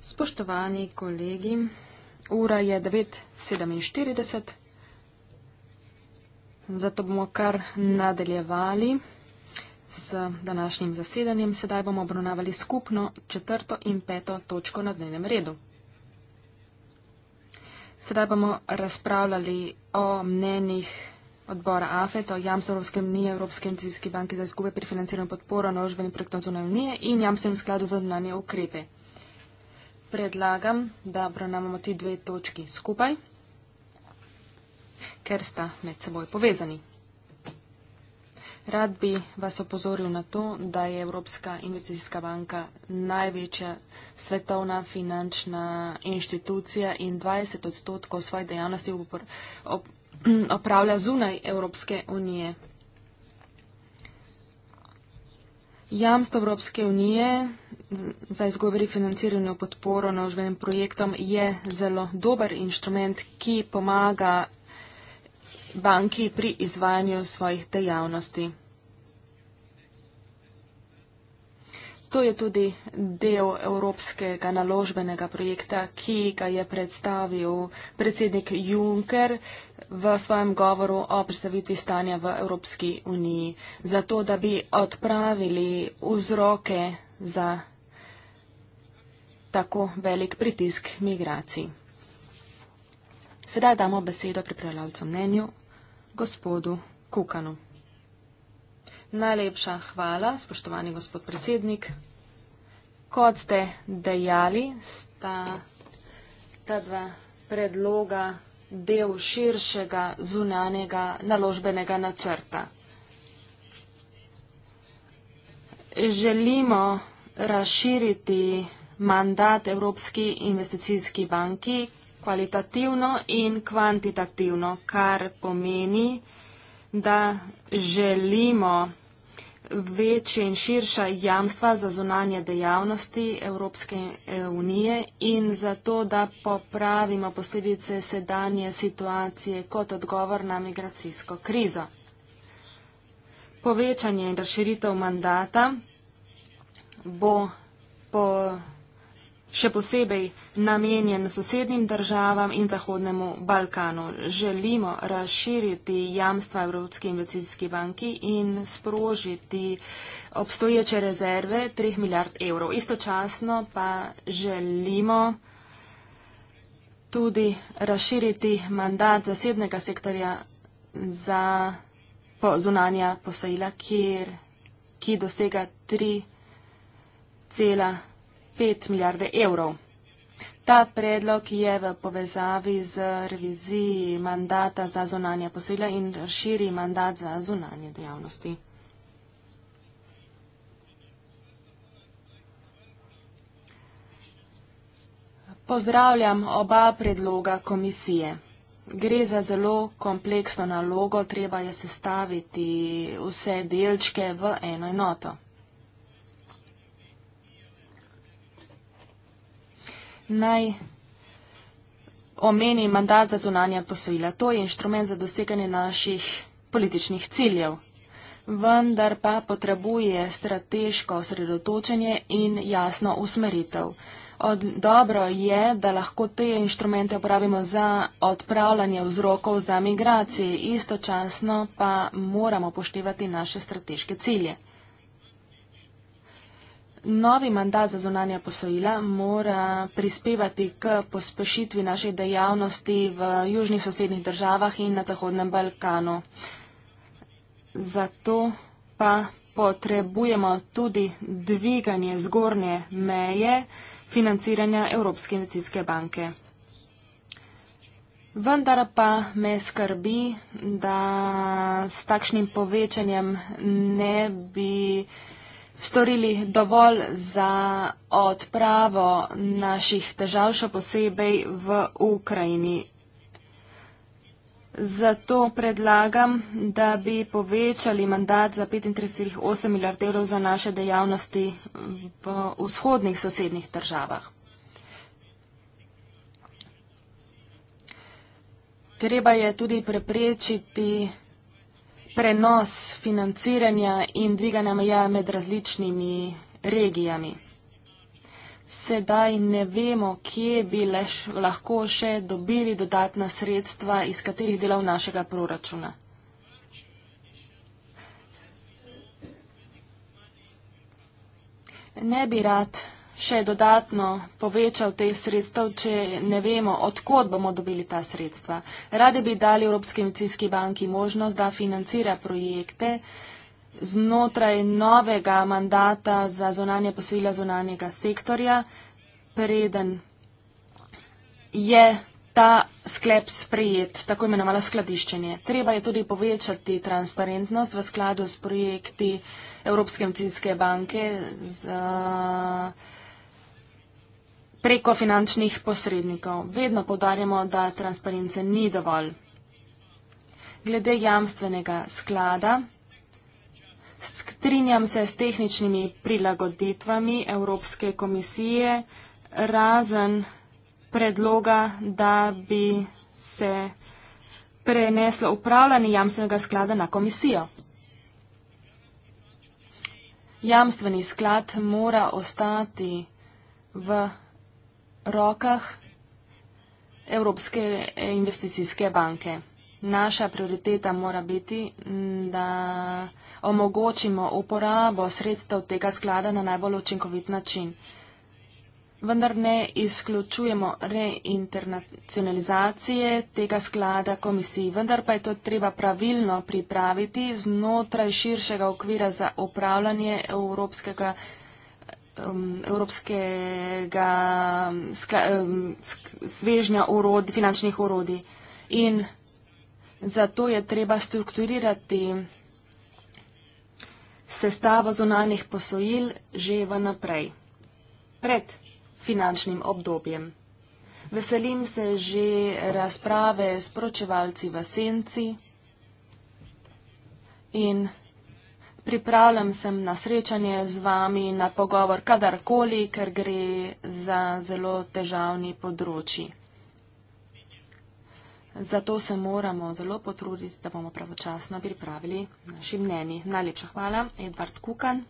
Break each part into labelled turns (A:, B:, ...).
A: Spoštovani kolegi, ura je 9.47, zato bomo kar nadaljevali z današnjim zasedanjem. Sedaj bomo obravnavali skupno četrto in peto točko na dnevnem redu. Sedaj bomo razpravljali o mnenjih odbora AFET o jamstvu Evropske unije, Evropske investicijske banke za izgube pri financiranju podporo naložbenim projektom zunaj unije in jamstvenem skladu za zunanje ukrepe. Predlagam, da obravnavamo ti dve točki skupaj, ker sta med seboj povezani. Rad bi vas opozoril na to, da je Evropska investicijska banka največja svetovna finančna inštitucija in 20 odstotkov svoje dejavnosti opravlja zunaj Evropske unije. Jamstvo Evropske unije za izgovori financiranju podporo naložbenim projektom je zelo dober inštrument, ki pomaga banki pri izvajanju svojih dejavnosti. To je tudi del evropskega naložbenega projekta, ki ga je predstavil predsednik Juncker v svojem govoru o predstavitvi stanja v Evropski uniji, zato da bi odpravili vzroke za tako velik pritisk migracij. Sedaj damo besedo pripravljalcu mnenju, gospodu Kukanu. Najlepša hvala, spoštovani gospod predsednik. Kot ste dejali, sta ta dva predloga del širšega zunanjega naložbenega načrta. Želimo razširiti mandat Evropski investicijski banki kvalitativno in kvantitativno, kar pomeni, da želimo večje in širša jamstva za zunanje dejavnosti Evropske unije in za to, da popravimo posledice sedanje situacije kot odgovor na migracijsko krizo. Povečanje in razširitev mandata bo povedal še posebej namenjen sosednjim državam in Zahodnemu Balkanu. Želimo razširiti jamstva Evropske investicijske banki in sprožiti obstoječe rezerve 3 milijard evrov. Istočasno pa želimo tudi razširiti mandat zasebnega sektorja za zunanja posojila, ki dosega 3 cela 5 milijarde evrov. Ta predlog je v povezavi z reviziji mandata za zunanje posilja in širi mandat za zunanje dejavnosti. Pozdravljam oba predloga komisije. Gre za zelo kompleksno nalogo, treba je sestaviti vse delčke v eno enoto. naj omeni mandat za zunanja posojila. To je inštrument za doseganje naših političnih ciljev, vendar pa potrebuje strateško osredotočenje in jasno usmeritev. Od, dobro je, da lahko te inštrumente uporabimo za odpravljanje vzrokov za migracije, istočasno pa moramo poštevati naše strateške cilje. Novi mandat za zunanja posojila mora prispevati k pospešitvi naše dejavnosti v južnih sosednih državah in na Zahodnem Balkanu. Zato pa potrebujemo tudi dviganje zgornje meje financiranja Evropske investicijske banke. Vendar pa me skrbi, da s takšnim povečanjem ne bi storili dovolj za odpravo naših težav, še posebej v Ukrajini. Zato predlagam, da bi povečali mandat za 35,8 milijard evrov za naše dejavnosti v vzhodnih sosednih državah. Treba je tudi preprečiti prenos financiranja in dviganja meja med različnimi regijami. Sedaj ne vemo, kje bi leš, lahko še dobili dodatna sredstva, iz katerih delov našega proračuna. Ne bi rad še dodatno povečal te sredstev, če ne vemo, odkot bomo dobili ta sredstva. Radi bi dali Evropski medicinski banki možnost, da financira projekte znotraj novega mandata za zonanje posojila zonanjega sektorja, preden je ta sklep sprejet, tako imenovala skladiščenje. Treba je tudi povečati transparentnost v skladu s projekti Evropske medicinske banke z uh, preko finančnih posrednikov. Vedno podarjamo, da transparence ni dovolj. Glede jamstvenega sklada, strinjam se s tehničnimi prilagoditvami Evropske komisije, razen predloga, da bi se preneslo upravljanje jamstvenega sklada na komisijo. Jamstveni sklad mora ostati v rokah Evropske investicijske banke. Naša prioriteta mora biti, mm, da omogočimo uporabo sredstev tega sklada na najbolj učinkovit način. Vendar ne izključujemo reinternacionalizacije tega sklada komisiji, vendar pa je to treba pravilno pripraviti znotraj širšega okvira za upravljanje Evropskega investicijskega banka um, evropskega um, skla, um, svežnja orod, finančnih orodij. In zato je treba strukturirati sestavo zunanih posojil že vnaprej, pred finančnim obdobjem. Veselim se že razprave s pročevalci v senci in pripravljam se na srečanje z vami, na pogovor kadarkoli, ker gre za zelo težavni področji. Zato se moramo zelo potruditi, da bomo pravočasno pripravili naši mneni. Najlepša hvala, Edvard Kukan.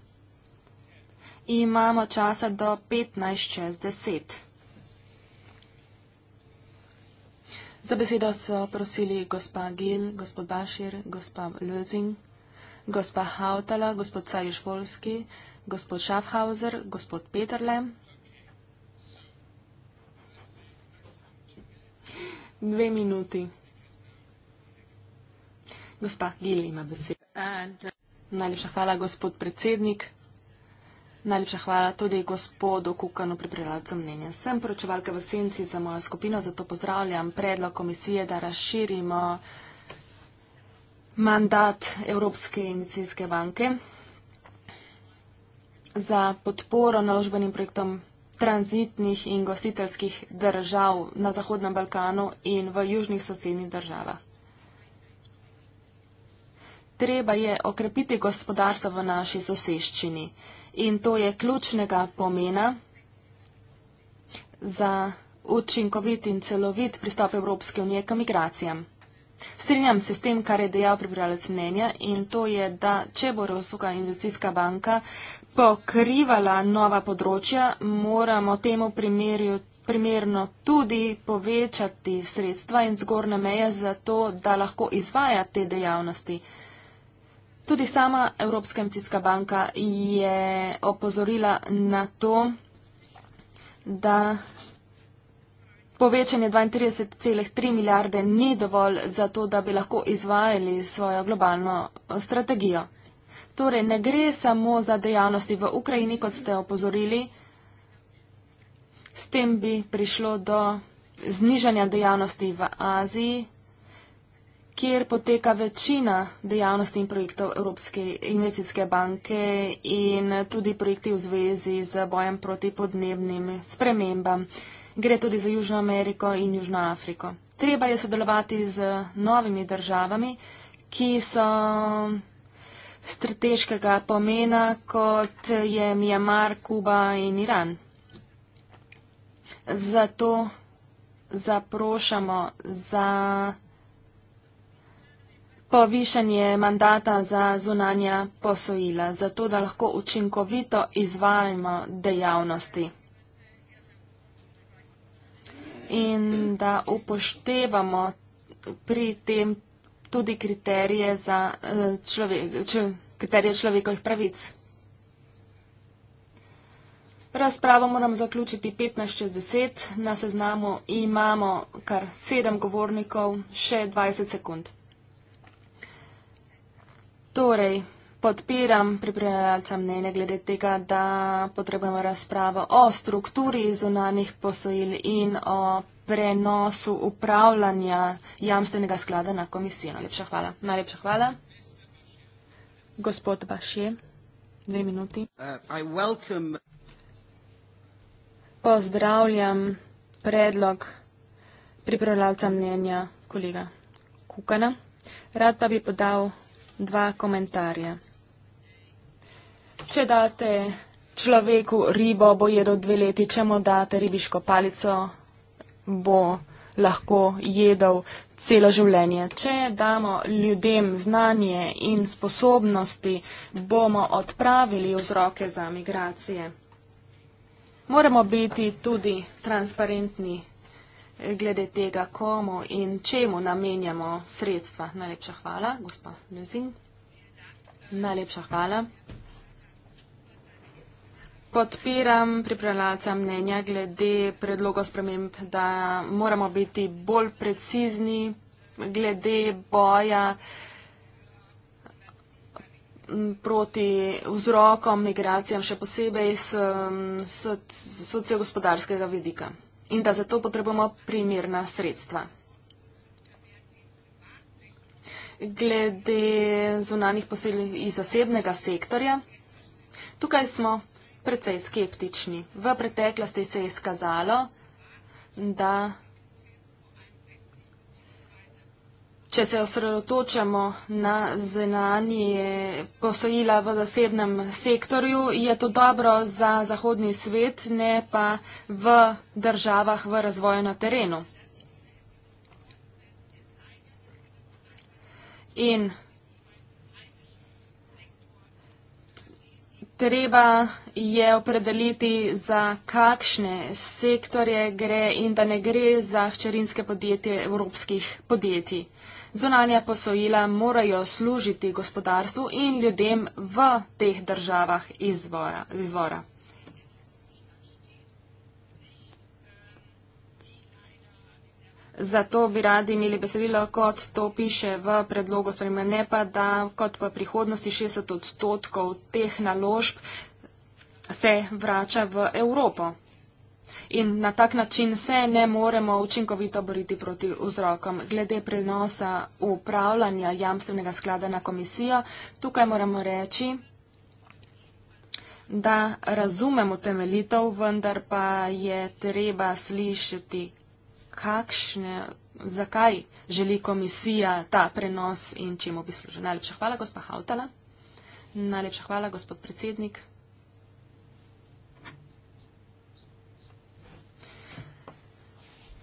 A: Imamo časa do 15.60. Za besedo so prosili gospa Gil, gospod Bašir, gospa Lözing gospa Hautala, gospod Cajš Volski, gospod Schaffhauser, gospod Peterle. Dve minuti. Gospa Gili ima besedo. Najlepša hvala, gospod predsednik. Najlepša hvala tudi gospodu Kukanu pri prelacu mnenja. Sem poročevalka v Senci za mojo skupino, zato pozdravljam predlog komisije, da razširimo mandat Evropske investicijske banke za podporo naložbenim projektom tranzitnih in gostiteljskih držav na Zahodnem Balkanu in v južnih sosednjih državah. Treba je okrepiti gospodarstvo v naši soseščini in to je ključnega pomena za učinkovit in celovit pristop Evropske unije k migracijam. Strinjam se s tem, kar je dejal pripravljalec mnenja in to je, da če bo Evropska investicijska banka pokrivala nova področja, moramo temu primerju primerno tudi povečati sredstva in zgorne meje za to, da lahko izvaja te dejavnosti. Tudi sama Evropska investicijska banka je opozorila na to, da Povečanje 32,3 milijarde ni dovolj za to, da bi lahko izvajali svojo globalno eh, strategijo. Torej, ne gre samo za dejavnosti v Ukrajini, kot ste opozorili, s tem bi prišlo do znižanja dejavnosti v Aziji, kjer poteka večina dejavnosti in projektov Evropske investicijske banke in tudi projekti v zvezi z bojem proti podnebnim spremembam. Gre tudi za Južno Ameriko in Južno Afriko. Treba je sodelovati z novimi državami, ki so strateškega pomena, kot je Mjamar, Kuba in Iran. Zato zaprošamo za povišanje mandata za zunanja posojila, zato da lahko učinkovito izvajamo dejavnosti in da upoštevamo pri tem tudi kriterije, za, eh, človek, kriterije človekovih pravic. Razpravo moram zaključiti 15.60. Na seznamu imamo kar sedem govornikov, še 20 sekund. Torej, podpiram pripravljalca mnenja glede tega, da potrebujemo razpravo o strukturi zunanih posojil in o prenosu upravljanja jamstvenega sklada na komisijo. Najlepša hvala. Najlepša hvala. Gospod Baše, dve minuti.
B: Uh,
A: Pozdravljam predlog pripravljalca mnenja kolega Kukana. Rad pa bi podal dva komentarja. Če date človeku ribo, bo jedel dve leti, če mu date ribiško palico, bo lahko jedel celo življenje. Če damo ljudem znanje in sposobnosti, bomo odpravili vzroke za migracije. Moramo biti tudi transparentni glede tega, komu in čemu namenjamo sredstva. Najlepša hvala, gospa Ljuzin. Najlepša hvala. Podpiram pripravljalca mnenja glede predloga sprememb, da moramo biti bolj precizni glede boja proti vzrokom migracijam, še posebej iz sociogospodarskega vidika in da zato potrebujemo primirna sredstva. Glede zunanih posel iz zasebnega sektorja, tukaj smo precej skeptični. V preteklosti se je skazalo, da če se osredotočamo na zenanje posojila v zasebnem sektorju, je to dobro za zahodni svet, ne pa v državah v razvoju na terenu. In treba je opredeliti, za kakšne sektorje gre in da ne gre za hčerinske podjetje evropskih podjetij. Zunanja posojila morajo služiti gospodarstvu in ljudem v teh državah izvora. izvora. zato bi radi imeli besedilo, kot to piše v predlogu spremembe, ne pa da kot v prihodnosti 60 odstotkov teh naložb se vrača v Evropo. In na tak način se ne moremo učinkovito boriti proti vzrokom. Glede prenosa upravljanja jamstvenega sklada na komisijo, tukaj moramo reči, da razumemo temeljitev, vendar pa je treba slišati, kakšne, zakaj želi komisija ta prenos in čemu bi služil. Najlepša hvala, gospa Hautala. Najlepša hvala, gospod predsednik.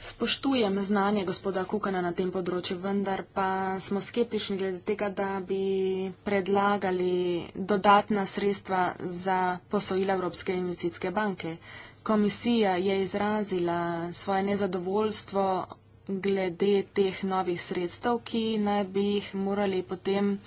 A: Spoštujem znanje gospoda Kukana na tem področju, vendar pa smo skeptični glede tega, da bi predlagali dodatna sredstva za posojila Evropske investicijske banke. Uh, Komisija je izrazila svoje nezadovoljstvo glede teh novih sredstev, ki naj bi jih morali potem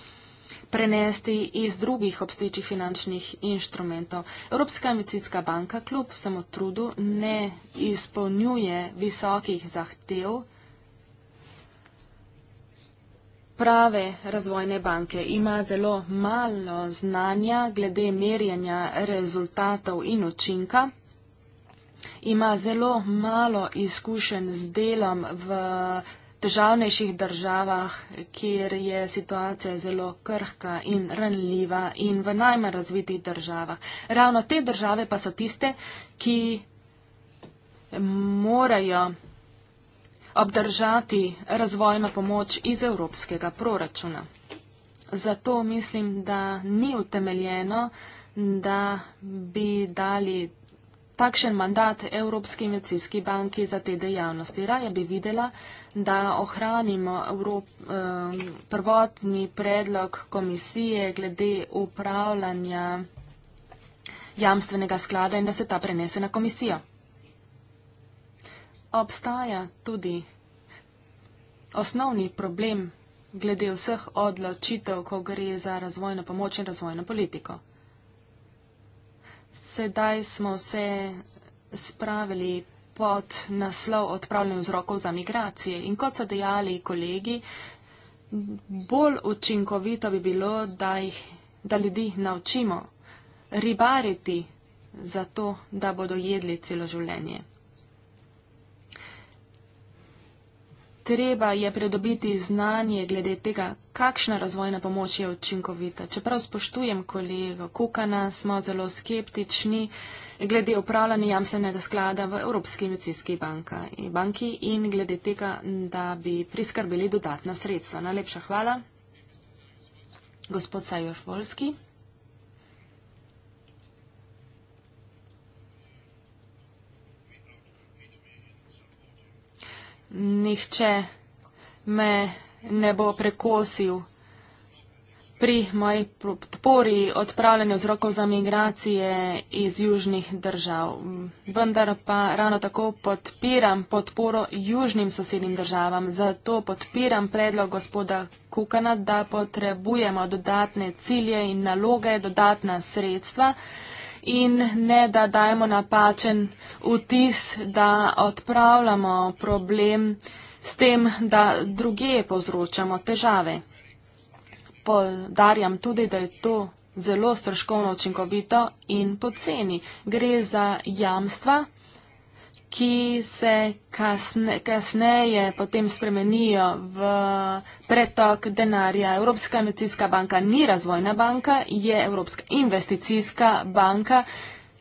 A: prenesti iz drugih obstečih finančnih inštrumentov. Evropska investicijska banka kljub vsemu trudu ne izpolnjuje visokih zahtev prave razvojne banke. Ima zelo malo znanja glede merjanja rezultatov in učinka ima zelo malo izkušenj z delom v težavnejših državah, kjer je situacija zelo krhka in ranljiva in v najmanj razvitih državah. Ravno te države pa so tiste, ki morajo
B: obdržati
A: razvojno pomoč iz evropskega proračuna. Zato mislim, da ni utemeljeno, da bi dali takšen mandat Evropski medicinski banki za te dejavnosti. Raje bi videla, da ohranimo Evrop, eh, prvotni predlog komisije glede upravljanja jamstvenega sklada in da se ta prenese na komisijo. Obstaja tudi osnovni problem glede vseh odločitev, ko gre za razvojno pomoč in razvojno politiko. Sedaj smo se spravili pod naslov odpravljanja vzrokov za migracije. In kot so dejali kolegi, bolj učinkovito bi bilo, da, jih, da ljudi naučimo ribariti za to, da bodo jedli celo življenje. Treba je pridobiti znanje glede tega, kakšna razvojna pomoč je učinkovita. Čeprav spoštujem kolega Kukana, smo zelo skeptični glede upravljanja jamstvenega sklada v Evropski investicijski eh, banki in glede tega, da bi priskrbeli dodatna sredstva. Najlepša hvala. Gospod Sajoš Volski. nihče me ne bo prekosil. Pri moji podpori odpravljanju vzrokov za migracije iz južnih držav. Vendar pa ravno tako podpiram podporo južnim sosednim državam. Zato podpiram predlog gospoda Kukana, da potrebujemo dodatne cilje in naloge, dodatna sredstva in ne da dajemo napačen vtis, da odpravljamo problem s tem, da druge povzročamo težave. Podarjam tudi, da je to zelo stroškovno učinkovito in poceni. Gre za jamstva ki se kasne, kasneje potem spremenijo v pretok denarja. Evropska investicijska banka ni razvojna banka, je Evropska investicijska banka,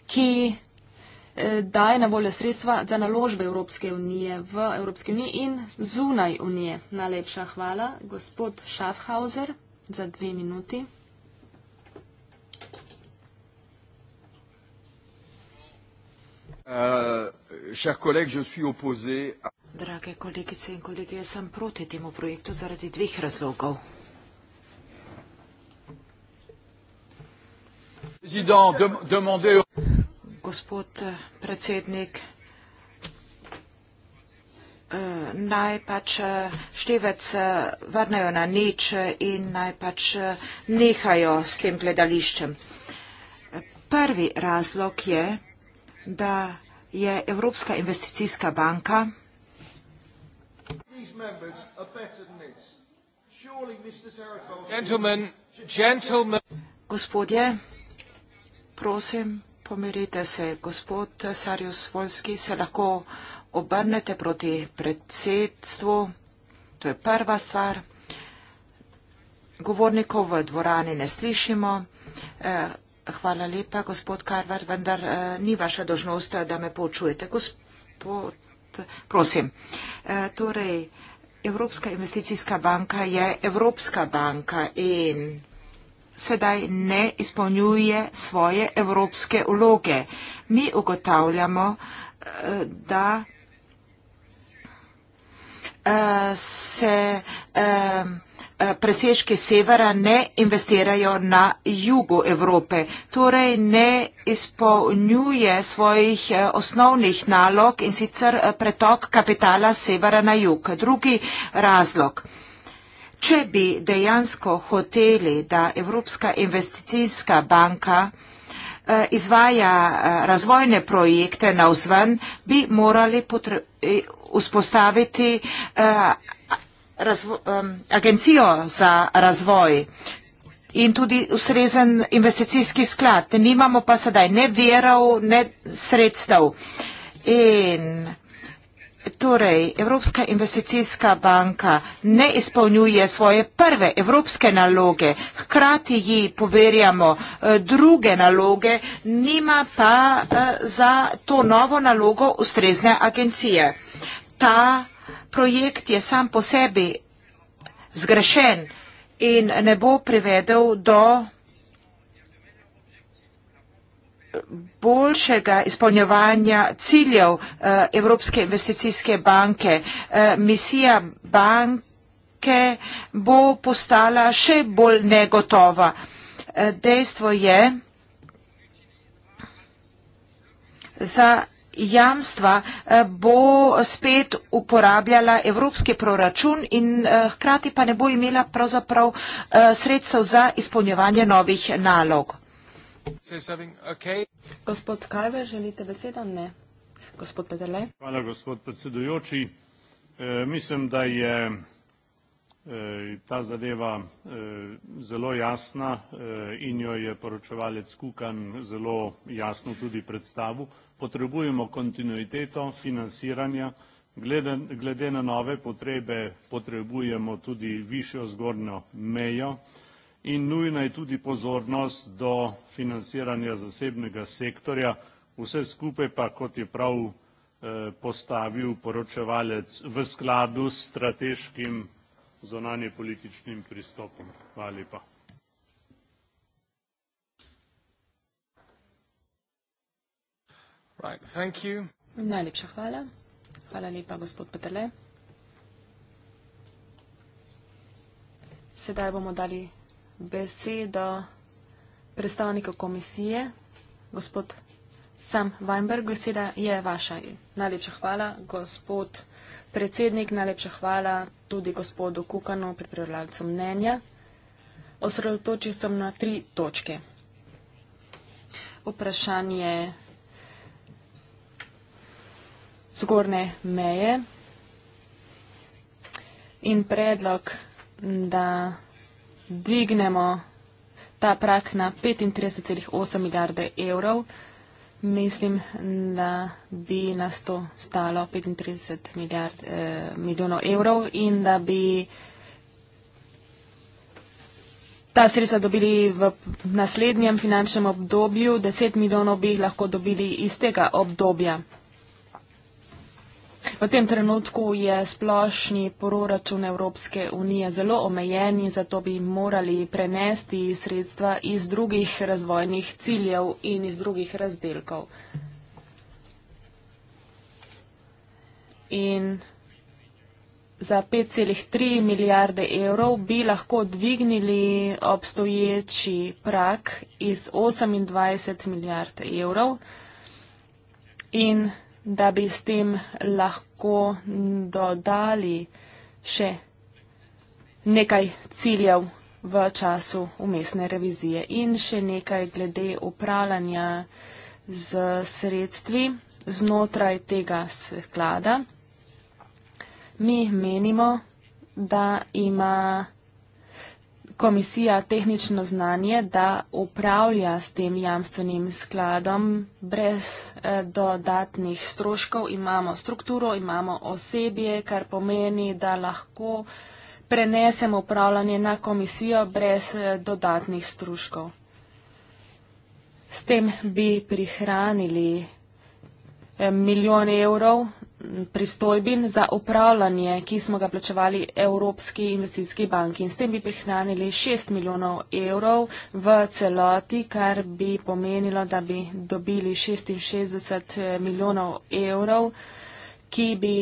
A: ki eh, daje na voljo sredstva za naložbe Evropske unije v Evropski uniji in zunaj unije. Najlepša hvala, gospod Schaffhauser, za dve minuti.
B: Euh, Drage kolegice in kolege, jaz sem proti temu projektu zaradi dveh razlogov. Gospod eh, predsednik, eh, naj pač eh, števec vrnejo na nič in naj pač nehajo s tem gledališčem. Prvi razlog je, da je da je Evropska investicijska banka Gospodje, prosim, pomirite se. Gospod Sarjus Volski, se lahko obrnete proti predsedstvu. To je prva stvar. Govornikov v dvorani ne slišimo. Eh, Hvala lepa, gospod Karvar, vendar eh, ni vaša dožnost, eh, da me poučujete. Gospod, prosim. Eh, torej, Evropska investicijska banka je Evropska banka in sedaj ne izpolnjuje svoje evropske vloge. Mi ugotavljamo, eh, da eh, se. Eh, Eh, presežki severa ne investirajo na jugu Evrope, torej ne izpolnjuje svojih eh, osnovnih nalog in sicer eh, pretok kapitala severa na jug. Drugi razlog. Če bi dejansko hoteli, da Evropska investicijska banka izvaja razvojne projekte na vzven, bi morali vzpostaviti agencijo za razvoj in tudi ustrezen investicijski sklad. Nimamo pa sedaj ne verov, ne sredstev. In torej Evropska investicijska banka ne izpolnjuje svoje prve evropske naloge, hkrati ji poverjamo eh, druge naloge, nima pa eh, za to novo nalogo ustrezne agencije. Ta projekt je sam po sebi zgrešen in ne bo privedel do boljšega izpolnjevanja ciljev eh, Evropske investicijske banke. Eh, misija banke bo postala še bolj negotova. Eh, dejstvo je, za jamstva eh, bo spet uporabljala evropski proračun in eh, hkrati pa ne bo imela pravzaprav eh, sredstev za izpolnjevanje novih nalog.
A: Gospod Kalver, želite besedo? Ne. Gospod Peterle.
B: Hvala, gospod predsedujoči. Mislim, da je Eh, ta zadeva eh, zelo jasna eh, in jo je poročevalec Kukan zelo jasno tudi predstavil. Potrebujemo kontinuiteto financiranja, glede, glede na nove potrebe potrebujemo tudi višjo zgornjo mejo in nujna je tudi pozornost do financiranja zasebnega sektorja, vse skupaj pa, kot je prav postavil poročevalec, v skladu s strateškim zonanje političnim pristopom. Hvala lepa.
A: Right, thank you. Najlepša hvala. Hvala lepa, gospod Petrle. Sedaj bomo dali besedo predstavniku komisije, gospod Sam Weinberg, beseda je vaša. Najlepša hvala, gospod predsednik, najlepša hvala tudi gospodu Kukanu, pripravljalcu mnenja. Osredotočil sem na tri točke. Vprašanje zgorne meje in predlog, da dvignemo ta prak na 35,8 milijarde evrov. Mislim, da bi nas to stalo 35 milijard, eh, milijonov evrov in da bi ta sredstva dobili v naslednjem finančnem obdobju, 10 milijonov bi jih lahko dobili iz tega obdobja. V tem trenutku je splošni proračun Evropske unije zelo omejen in zato bi morali prenesti sredstva iz drugih razvojnih ciljev in iz drugih razdelkov. In za 5,3 milijarde evrov bi lahko dvignili obstoječi prak iz 28 milijard evrov in da bi s tem lahko dodali še nekaj ciljev v času umestne revizije in še nekaj glede upravljanja z sredstvi znotraj tega sklada. Mi menimo, da ima komisija tehnično znanje, da upravlja s tem jamstvenim skladom brez eh, dodatnih stroškov. Imamo strukturo, imamo osebje, kar pomeni, da lahko prenesemo upravljanje na komisijo brez eh, dodatnih stroškov. S tem bi prihranili eh, milijone evrov pristojbin za upravljanje, ki smo ga plačevali Evropski investicijski banki. In s tem bi prihranili 6 milijonov evrov v celoti, kar bi pomenilo, da bi dobili 66 eh, milijonov evrov, ki bi,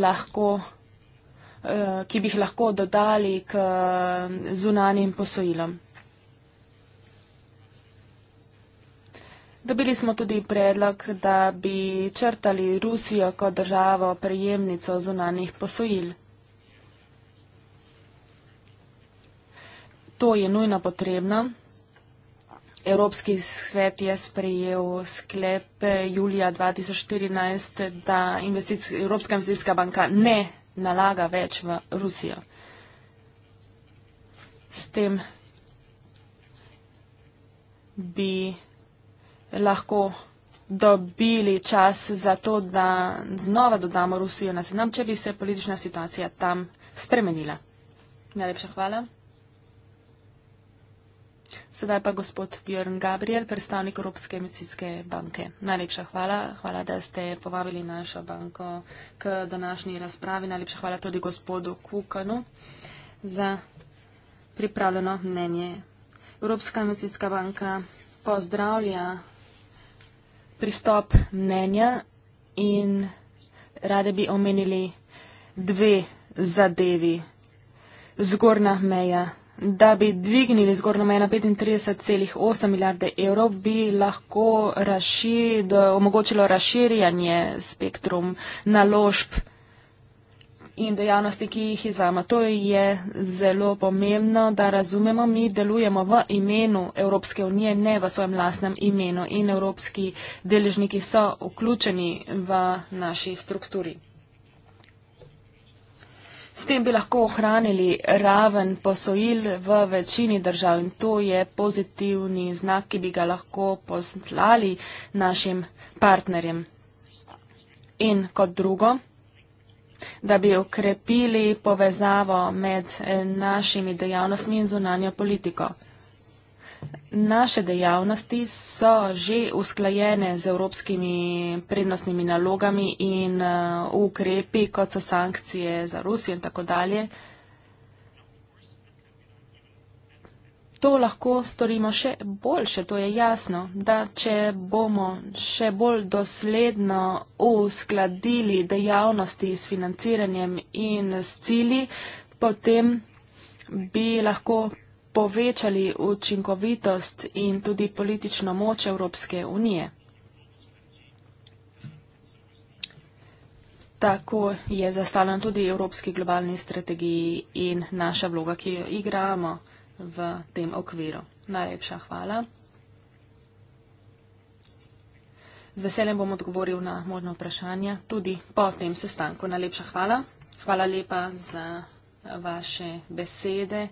A: lahko, eh, ki bi jih lahko dodali k eh, zunanjim posojilom. Dobili smo tudi predlog, da bi črtali Rusijo kot državo prejemnico zunanih posojil. To je nujno potrebno. Evropski svet je sprejel sklep julija 2014, da Evropska investicijska banka ne nalaga več v Rusijo. S tem bi lahko dobili čas za to, da znova dodamo Rusijo na seznam, če bi se politična situacija tam spremenila. Najlepša hvala. Sedaj pa gospod Björn Gabriel, predstavnik Evropske medicinske banke. Najlepša hvala. Hvala, da ste povabili našo banko k današnji razpravi. Najlepša hvala tudi gospodu Kukanu za pripravljeno mnenje. Evropska medicinska banka pozdravlja pristop mnenja in rade bi omenili dve zadevi. Zgornja meja. Da bi dvignili zgornjo mejo na 35,8 milijarde evrov, bi lahko raši, omogočilo razširjanje spektrum naložb in dejavnosti, ki jih izvajamo. To je zelo pomembno, da razumemo, mi delujemo v imenu Evropske unije, ne v svojem lastnem imenu in evropski deležniki so vključeni v naši strukturi. S tem bi lahko ohranili raven posojil v večini držav in to je pozitivni znak, ki bi ga lahko poslali našim partnerjem. In kot drugo, da bi okrepili povezavo med eh, našimi dejavnostmi in zunanjo politiko. Naše dejavnosti so že usklajene z evropskimi prednostnimi nalogami in eh, ukrepi, kot so sankcije za Rusijo in tako dalje. To lahko storimo še boljše, to je jasno, da če bomo še bolj dosledno uskladili dejavnosti s financiranjem in s cili, potem bi lahko povečali učinkovitost in tudi politično moč Evropske unije. Tako je zastavljen tudi Evropski globalni strategiji in naša vloga, ki jo igramo v tem okviru. Najlepša hvala. Z veseljem bom odgovoril na možno vprašanje tudi po tem sestanku. Najlepša hvala. Hvala lepa za vaše besede.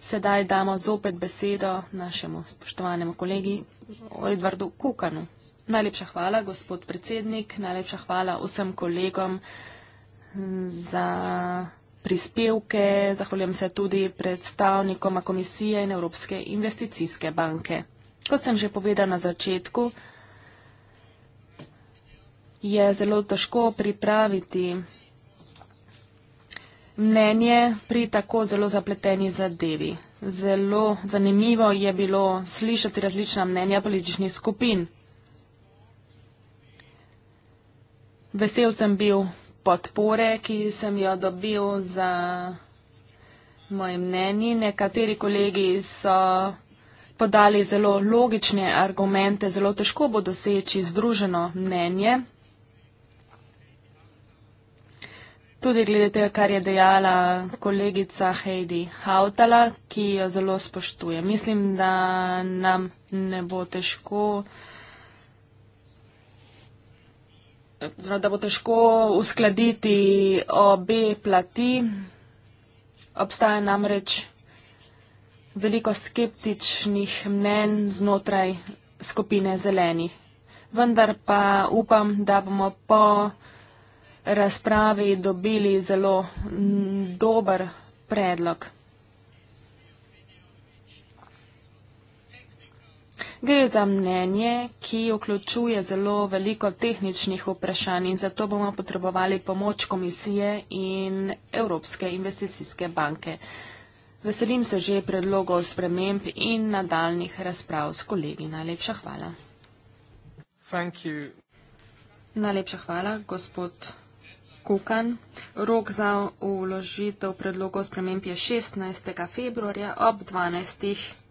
A: Sedaj damo zopet besedo našemu spoštovanemu kolegi Edvardu Kukanu. Najlepša hvala, gospod predsednik. Najlepša hvala vsem kolegom za prispevke. Zahvaljujem se tudi predstavnikoma Komisije in Evropske investicijske banke. Kot sem že povedal na začetku, je zelo težko pripraviti mnenje pri tako zelo zapleteni zadevi. Zelo zanimivo je bilo slišati različna mnenja političnih skupin. Vesel sem bil podpore, ki sem jo dobil za moje mnenje. Nekateri kolegi so podali zelo logične argumente, zelo težko bo doseči združeno mnenje. Tudi glede tega, kar je dejala kolegica Heidi Hautala, ki jo zelo spoštuje. Mislim, da nam ne bo težko uh, zelo, da bo težko uskladiti obe plati. Obstaja namreč veliko skeptičnih mnen znotraj skupine zelenih. Vendar pa upam, da bomo po razpravi dobili zelo dober predlog. Gre za mnenje, ki vključuje zelo veliko tehničnih vprašanj in zato bomo potrebovali pomoč komisije in Evropske investicijske banke. Veselim se že predlogov sprememb in nadaljnih razprav s kolegi. Najlepša hvala. Najlepša hvala, gospod Kukan. Rok za uložitev predlogov sprememb je 16. februarja ob 12. februarja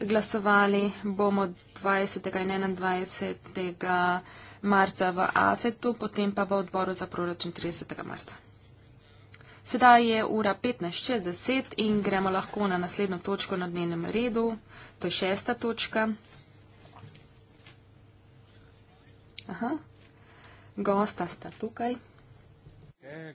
A: glasovali bomo 20. in 21. marca v AFET-u, potem pa v odboru za proračun 30. marca. Sedaj je ura 15.60 in gremo lahko na naslednjo točko na dnevnem redu, to je šesta točka. Aha. Gosta sta tukaj. Okay,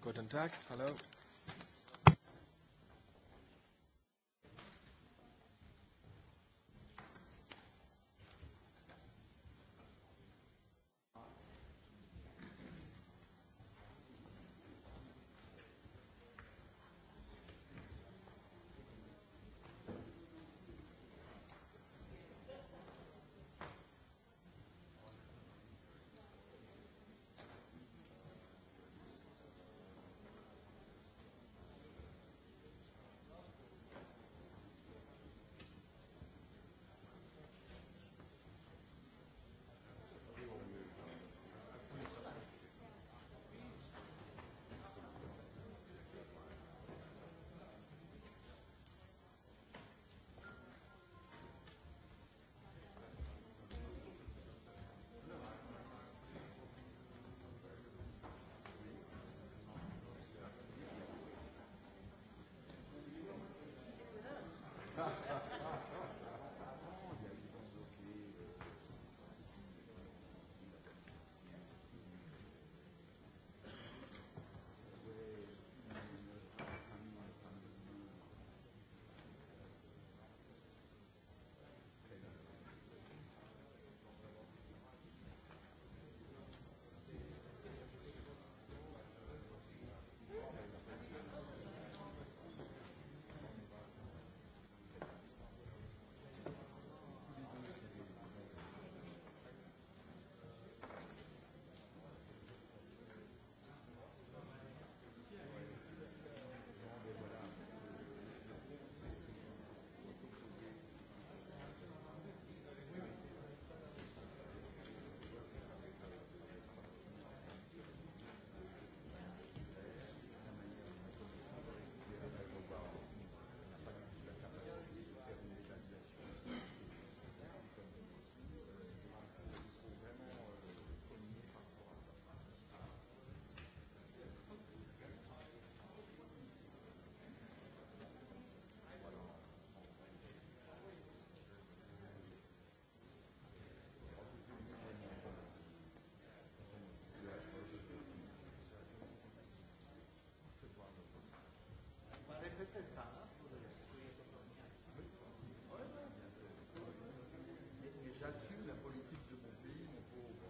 B: J'assume la politique de mon pays, mon pauvre.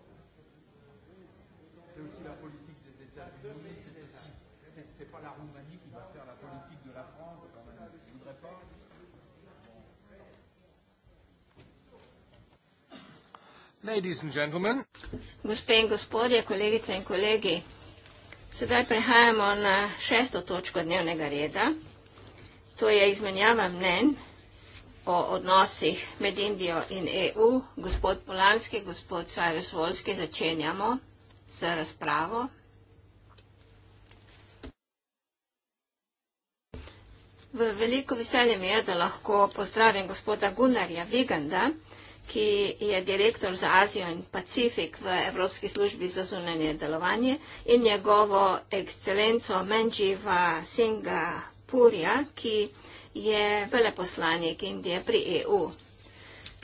B: C'est aussi la politique des États-Unis, c'est aussi. C'est pas la Roumanie qui va faire la politique de la France, quand même. Je voudrais pas.
A: Ladies and gentlemen.
C: Gospe in gospodje, kolegice in kolegi, sedaj prehajamo na šesto točko dnevnega reda. To je izmenjava mnen o odnosih med Indijo in EU. Gospod Polanski, gospod Cyrus Volski, začenjamo s razpravo. V veliko veselje mi je, da lahko pozdravim gospoda Gunarja Viganda, ki je direktor za Azijo in Pacifik v Evropski službi za zunanje delovanje in njegovo ekscelenco Menjiva Singa Purja, ki je veleposlanik Indije pri EU.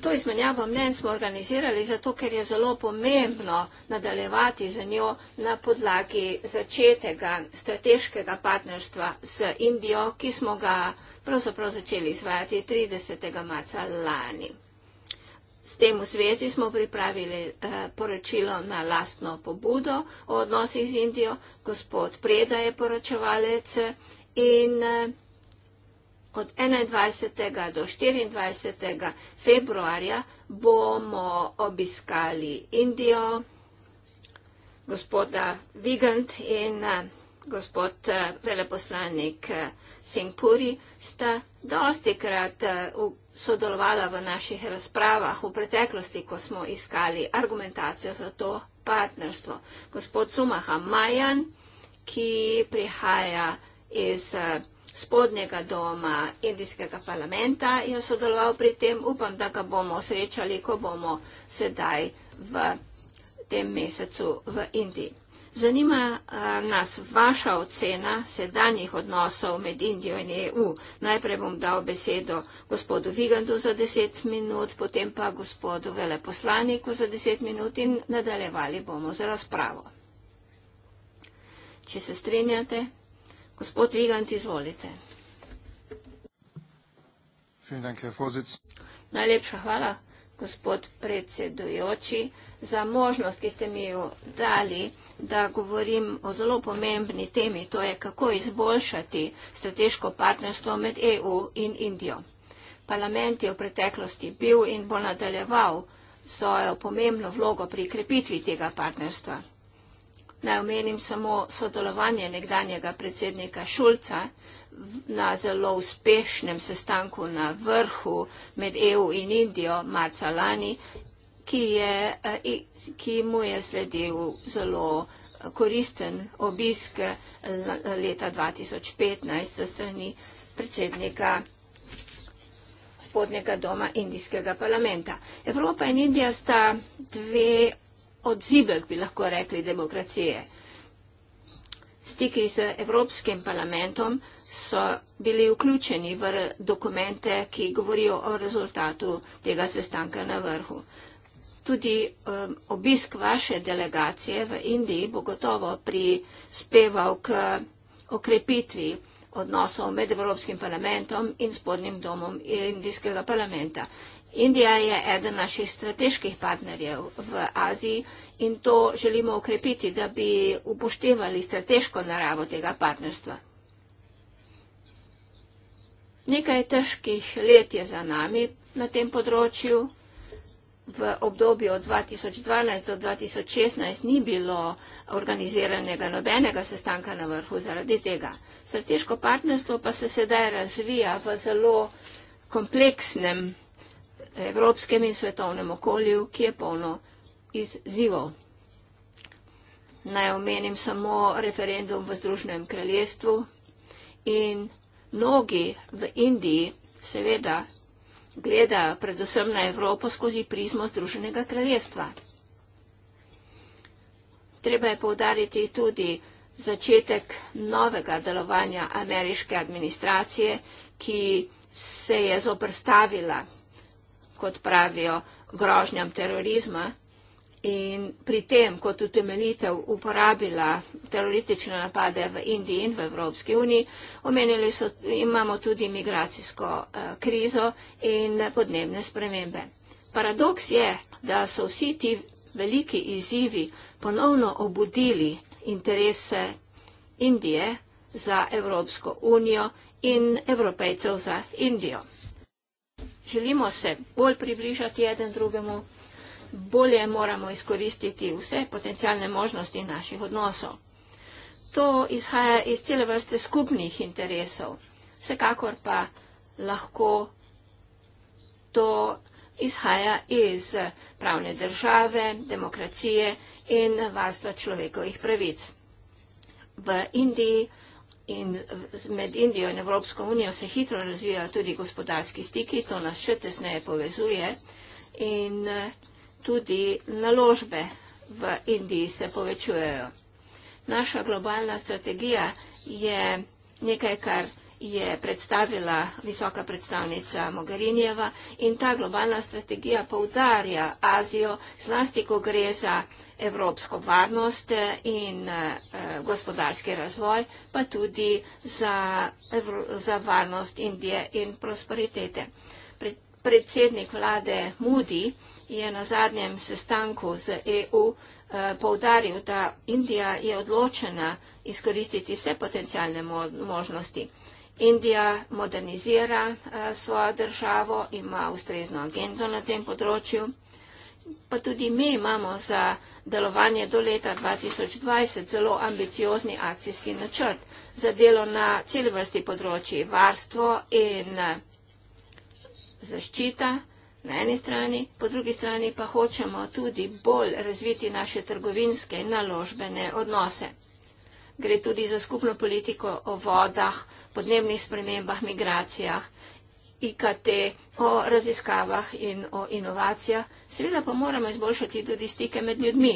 C: To izmenjavo mnen smo organizirali zato, ker je zelo pomembno nadaljevati za njo na podlagi začetega strateškega partnerstva z Indijo, ki smo ga pravzaprav začeli izvajati 30. marca lani. S tem v zvezi smo pripravili eh, poročilo na lastno pobudo o odnosih z Indijo. Gospod Preda je poročevalec In eh, od 21. do 24. februarja bomo obiskali Indijo, gospoda Vigant in eh, gospod eh, veleposlanik Singpuri sta dosti krat sodelovala v naših razpravah v preteklosti, ko smo iskali argumentacijo za to partnerstvo. Gospod Sumaha Majan, ki prihaja iz eh, spodnjega doma indijskega parlamenta je sodeloval pri tem. Upam, da ga bomo srečali, ko bomo sedaj v tem mesecu v Indiji. Zanima eh, nas vaša ocena sedanjih odnosov med Indijo in EU. Najprej bom dal besedo gospodu Vigandu za deset minut, potem pa gospodu veleposlaniku za deset minut in nadaljevali bomo z razpravo. Če se strinjate, Gospod Vigant, izvolite. Najlepša hvala, gospod predsedujoči, za možnost, ki ste mi jo dali, da govorim o zelo pomembni temi, to je kako izboljšati strateško partnerstvo med EU in Indijo. Parlament je v preteklosti bil in bo nadaljeval svojo pomembno vlogo pri krepitvi tega partnerstva. Naj omenim samo sodelovanje nekdanjega predsednika Šulca na zelo uspešnem sestanku na vrhu med EU in Indijo marca lani, ki, je, eh, ki mu je sledil zelo eh, koristen obisk eh, leta 2015 za strani predsednika spodnjega doma indijskega parlamenta. Evropa in Indija sta dve odzivek, bi lahko rekli, demokracije. Stiki z Evropskim parlamentom so bili vključeni v dokumente, ki govorijo o rezultatu tega sestanka na vrhu. Tudi um, obisk vaše delegacije v Indiji bo gotovo prispeval k okrepitvi odnosov med Evropskim parlamentom in spodnjim domom Indijskega parlamenta. Indija je eden naših strateških partnerjev v Aziji in to želimo ukrepiti, da bi upoštevali strateško naravo tega partnerstva. Nekaj težkih let je za nami na tem področju. V obdobju od 2012 do 2016 ni bilo organiziranega nobenega sestanka na vrhu zaradi tega. Strateško partnerstvo pa se sedaj razvija v zelo kompleksnem evropskem in svetovnem okolju, ki je polno izzivov. Naj omenim samo referendum v Združnem kraljestvu in mnogi v Indiji seveda gledajo predvsem na Evropo skozi prizmo Združenega kraljestva. Treba je povdariti tudi začetek novega delovanja ameriške administracije, ki se je zoprstavila kot pravijo, grožnjam terorizma in pri tem kot utemeljitev uporabila teroristične napade v Indiji in v Evropski uniji. Omenili so, imamo tudi migracijsko eh, krizo in podnebne spremembe. Paradoks je, da so vsi ti veliki izzivi ponovno obudili interese Indije za Evropsko unijo in evropejcev za Indijo. Želimo se bolj približati eden drugemu, bolje moramo izkoristiti vse potencijalne možnosti naših odnosov. To izhaja iz cele vrste skupnih interesov. Vsekakor pa lahko to izhaja iz pravne države, demokracije in varstva človekovih pravic. V Indiji in med Indijo in Evropsko unijo se hitro razvijajo tudi gospodarski stiki, to nas še tesneje povezuje in eh, tudi naložbe v Indiji se povečujejo. Naša globalna strategija je nekaj, kar je predstavila visoka predstavnica Mogherinjeva in ta globalna strategija poudarja Azijo, zlasti ko gre za evropsko varnost in eh, gospodarski razvoj, pa tudi za, za varnost Indije in prosperitete. Predsednik vlade Moody je na zadnjem sestanku z EU eh, poudaril, da Indija je odločena izkoristiti vse potencijalne možnosti. Indija modernizira eh, svojo državo, ima ustrezno agendo na tem področju pa tudi mi imamo za delovanje do leta 2020 zelo ambiciozni akcijski načrt za delo na celi vrsti področji varstvo in eh, zaščita na eni strani, po drugi strani pa hočemo tudi bolj razviti naše trgovinske naložbene odnose. Gre tudi za skupno politiko o vodah, podnebnih spremembah, migracijah IKT, o raziskavah in o inovacijah. Seveda pa moramo izboljšati tudi stike med ljudmi.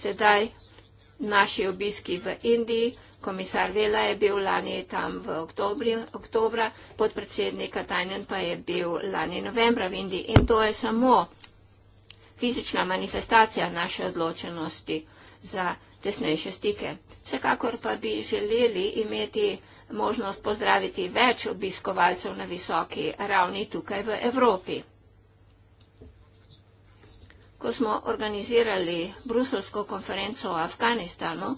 C: Sedaj naši obiski v Indiji, komisar Vela je bil lani tam v oktobri, oktobra, podpredsednik Katajnen pa je bil lani novembra v Indiji in to je samo fizična manifestacija naše odločenosti za tesnejše stike. Vsekakor pa bi želeli imeti možnost pozdraviti več obiskovalcev na visoki ravni tukaj v Evropi. Ko smo organizirali Bruselsko konferenco o Afganistanu,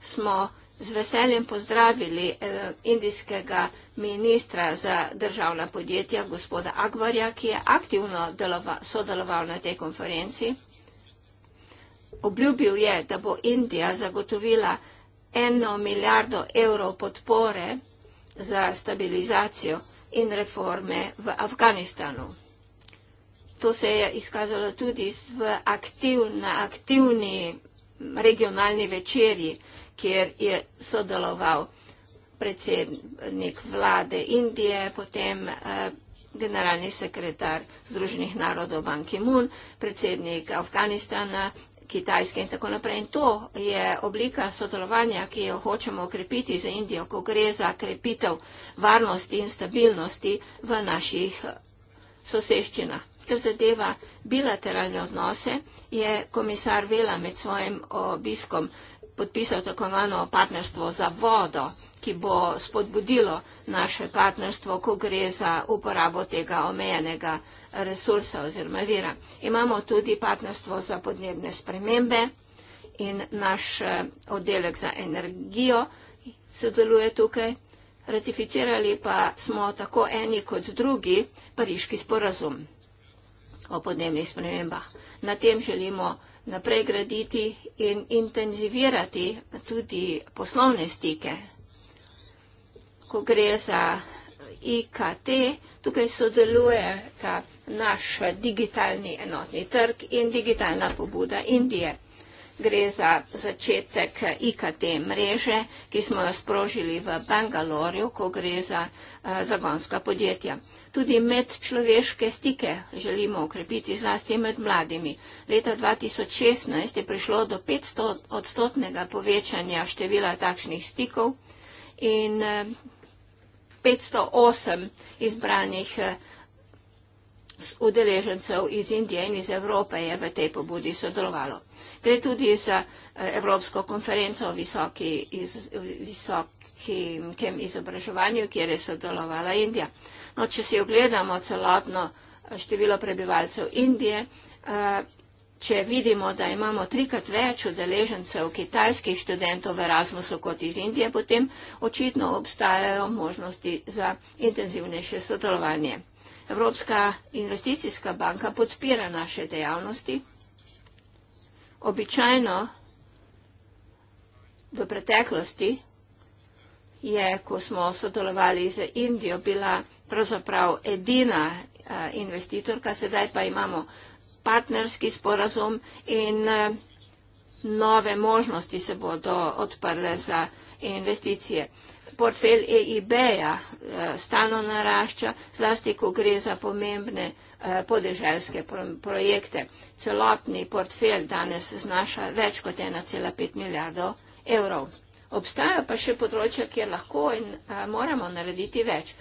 C: smo z veseljem pozdravili eh, indijskega ministra za državna podjetja, gospoda Agvarja, ki je aktivno sodeloval na tej konferenci. Obljubil je, da bo Indija zagotovila eno milijardo evrov podpore za stabilizacijo in reforme v Afganistanu. To se je izkazalo tudi v aktiv, na aktivni regionalni večerji, kjer je sodeloval predsednik vlade Indije, potem eh, generalni sekretar Združenih narodov Ban Ki-moon, predsednik Afganistana Kitajske in tako naprej. In to je oblika sodelovanja, ki jo hočemo okrepiti za Indijo, ko gre za krepitev varnosti in stabilnosti v naših eh, soseščinah. Ker zadeva bilateralne odnose, je komisar Vela med svojim obiskom podpisal tako imeno partnerstvo za vodo, ki bo spodbudilo naše partnerstvo, ko gre za uporabo tega omejenega resursa oziroma vira. Imamo tudi partnerstvo za podnebne spremembe in naš eh, oddelek za energijo sodeluje tukaj. Ratificirali pa smo tako eni kot drugi pariški sporazum o podnebnih spremembah. Na tem želimo naprej graditi in intenzivirati tudi poslovne stike. Ko gre za IKT, tukaj sodeluje ta naš digitalni enotni trg in digitalna pobuda Indije. Gre za začetek IKT mreže, ki smo jo sprožili v Bangalorju, ko gre za eh, zagonska podjetja tudi medčloveške stike želimo ukrepiti zlasti med mladimi. Leta 2016 je prišlo do 500 odstotnega povečanja števila takšnih stikov in 508 eh, izbranih eh, udeležencev iz Indije in iz Evrope je v tej pobudi sodelovalo. Gre tudi za eh, Evropsko konferenco o visoki, iz, visokem izobraževanju, kjer je sodelovala Indija. No, če si ogledamo celotno eh, število prebivalcev Indije, eh, če vidimo, da imamo trikrat več udeležencev kitajskih študentov v Erasmusu kot iz Indije, potem očitno obstajajo možnosti za intenzivnejše sodelovanje. Evropska investicijska banka podpira naše dejavnosti. Običajno v preteklosti je, ko smo sodelovali z Indijo, bila pravzaprav edina eh, investitorka, sedaj pa imamo partnerski sporazum in eh, nove možnosti se bodo odprle za investitorka investicije. Portfelj EIB-ja eh, stalno narašča, zlasti, ko gre za pomembne eh, podeželske projekte. Celotni portfelj danes znaša več kot 1,5 milijardov evrov. Obstajajo pa še področja, kjer lahko in eh, moramo narediti več.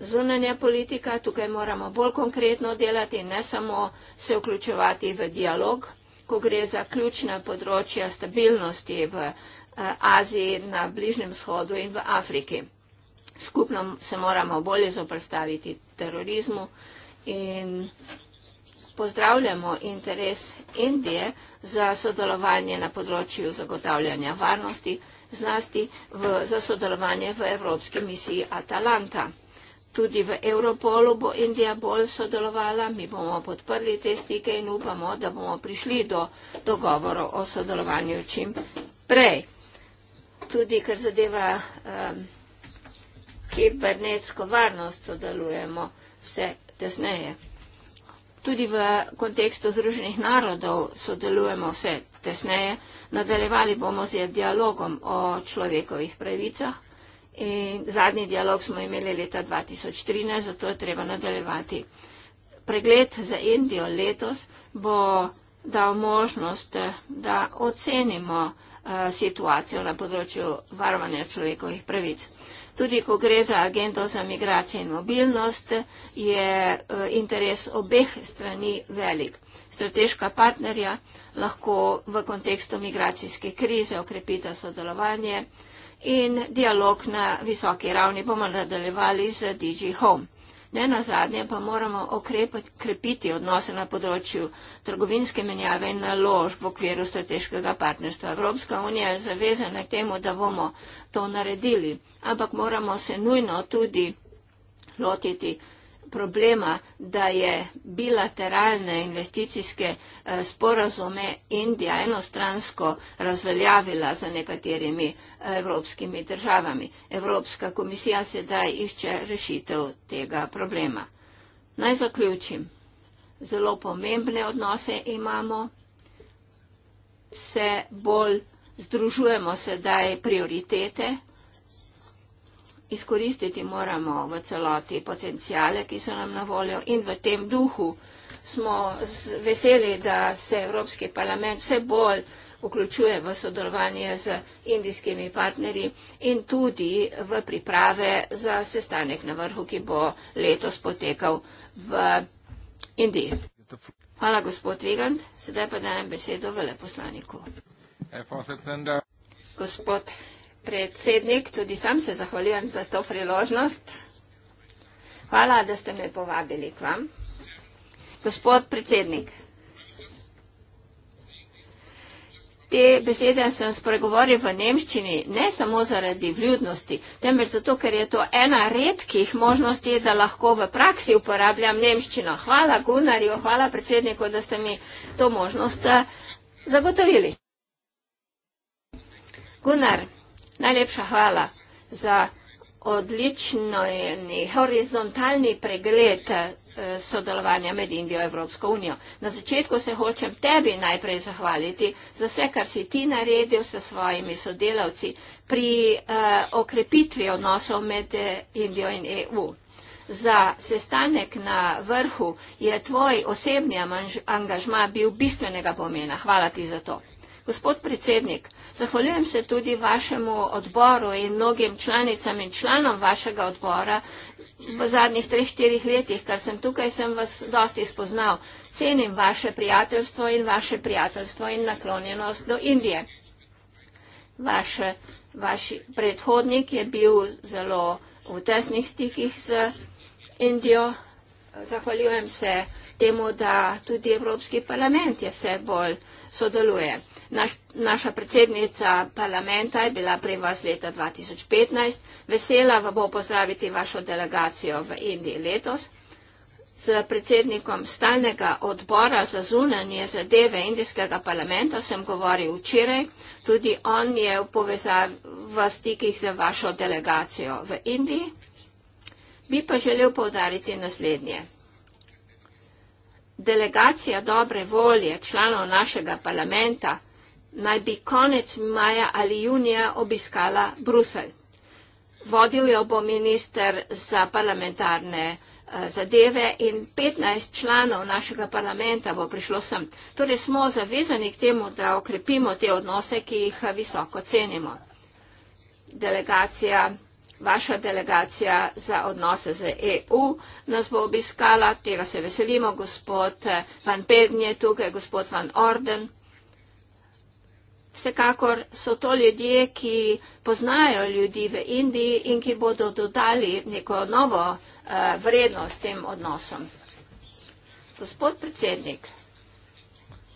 C: Zunanja politika, tukaj moramo bolj konkretno delati, ne samo se vključevati v dialog, ko gre za ključna področja stabilnosti v Eh, Aziji, na Bližnem shodu in v Afriki. Skupno se moramo bolje zoprstaviti terorizmu in pozdravljamo interes Indije za sodelovanje na področju zagotavljanja varnosti, zlasti v, za sodelovanje v Evropski misiji Atalanta. Tudi v Europolu bo Indija bolj sodelovala, mi bomo podprli te stike in upamo, da bomo prišli do dogovorov o sodelovanju čim prej tudi, kar zadeva um, kibernetsko varnost, sodelujemo vse tesneje. Tudi v kontekstu Združenih narodov sodelujemo vse tesneje. Nadaljevali bomo z dialogom o človekovih pravicah. In zadnji dialog smo imeli leta 2013, zato je treba nadaljevati. Pregled za Indijo letos bo dal možnost, da ocenimo, Eh, situacijo na področju varovanja človekovih pravic. Tudi, ko gre za agendo za migracijo in mobilnost, je eh, interes obeh strani velik. Strateška partnerja lahko v kontekstu migracijske krize okrepita sodelovanje in dialog na visoki ravni bomo nadaljevali z DG Home. Ne na zadnje pa moramo okrepiti, krepiti odnose na področju trgovinske menjave in naložb v okviru strateškega partnerstva. Evropska unija je zavezana k temu, da bomo to naredili, ampak moramo se nujno tudi lotiti problema, da je bilateralne investicijske eh, sporazume Indija enostransko razveljavila za nekaterimi eh, evropskimi državami. Evropska komisija sedaj išče rešitev tega problema. Naj zaključim. Zelo pomembne odnose imamo, vse bolj združujemo sedaj prioritete izkoristiti moramo v celoti potencijale, ki so nam na voljo in v tem duhu smo veseli, da se Evropski parlament vse bolj vključuje v sodelovanje z indijskimi partnerji in tudi v priprave za sestanek na vrhu, ki bo letos potekal v Indiji. Hvala, gospod Vigand. Sedaj pa dajem besedo veleposlaniku. Gospod predsednik, tudi sam se zahvaljujem za to priložnost. Hvala, da ste me povabili k vam. Gospod predsednik, te besede sem spregovoril v Nemščini ne samo zaradi vljudnosti, temveč zato, ker je to ena redkih možnosti, da lahko v praksi uporabljam Nemščino. Hvala Gunarju, hvala predsedniku, da ste mi to možnost eh, zagotovili. Gunar, Najlepša hvala za odlični horizontalni pregled eh, sodelovanja med Indijo in Evropsko unijo. Na začetku se hočem tebi najprej zahvaliti za vse, kar si ti naredil s svojimi sodelavci pri uh, okrepitvi odnosov med eh, Indijo in EU. Za sestanek na vrhu je tvoj osebni angažma bil bistvenega pomena. Hvala ti za to. Gospod predsednik, zahvaljujem se tudi vašemu odboru in mnogim članicam in članom vašega odbora v zadnjih treh, štirih letih, kar sem tukaj, sem vas dosti spoznal. Cenim vaše prijateljstvo in vaše prijateljstvo in naklonjenost do Indije. Vaš, vaš predhodnik je bil zelo v tesnih stikih z Indijo. Zahvaljujem se temu, da tudi Evropski parlament je vse bolj sodeluje. Naš, naša predsednica parlamenta je bila pri vas leta 2015. Vesela bo pozdraviti vašo delegacijo v Indiji letos. Z predsednikom stalnega odbora za zunanje zadeve indijskega parlamenta sem govoril včeraj. Tudi on je v povezavi v stikih z vašo delegacijo v Indiji. Bi pa želel povdariti naslednje. Delegacija dobre volje članov našega parlamenta naj bi konec maja ali junija obiskala Bruselj. Vodil jo bo minister za parlamentarne eh, zadeve in 15 članov našega parlamenta bo prišlo sem. Torej smo zavezani k temu, da okrepimo te odnose, ki jih eh, visoko cenimo. Delegacija, vaša delegacija za odnose z EU nas bo obiskala, tega se veselimo, gospod eh, Van Pedn je tukaj, gospod Van Orden. Vsekakor so to ljudje, ki poznajo ljudi v Indiji in ki bodo dodali neko novo uh, vrednost tem odnosom. Gospod predsednik,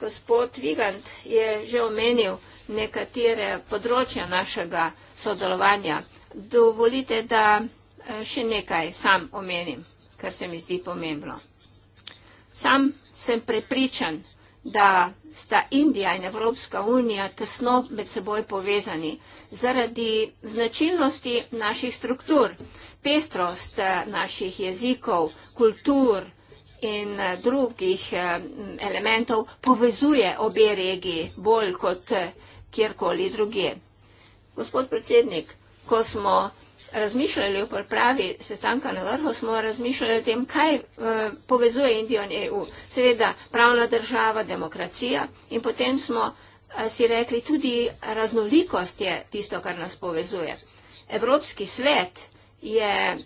C: gospod Vigant je že omenil nekatere področja našega sodelovanja. Dovolite, da eh, še nekaj sam omenim, kar se mi zdi pomembno. Sam sem prepričan, da sta Indija in Evropska unija tesno med seboj povezani zaradi značilnosti naših struktur, pestrost eh, naših jezikov, kultur in eh, drugih eh, elementov povezuje obe regiji bolj kot kjerkoli druge. Gospod predsednik, ko smo razmišljali o pripravi sestanka na vrhu, smo razmišljali o tem, kaj uh, povezuje Indijo in EU. Seveda pravna država, demokracija in potem smo uh, si rekli, tudi raznolikost je tisto, kar nas povezuje. Evropski svet je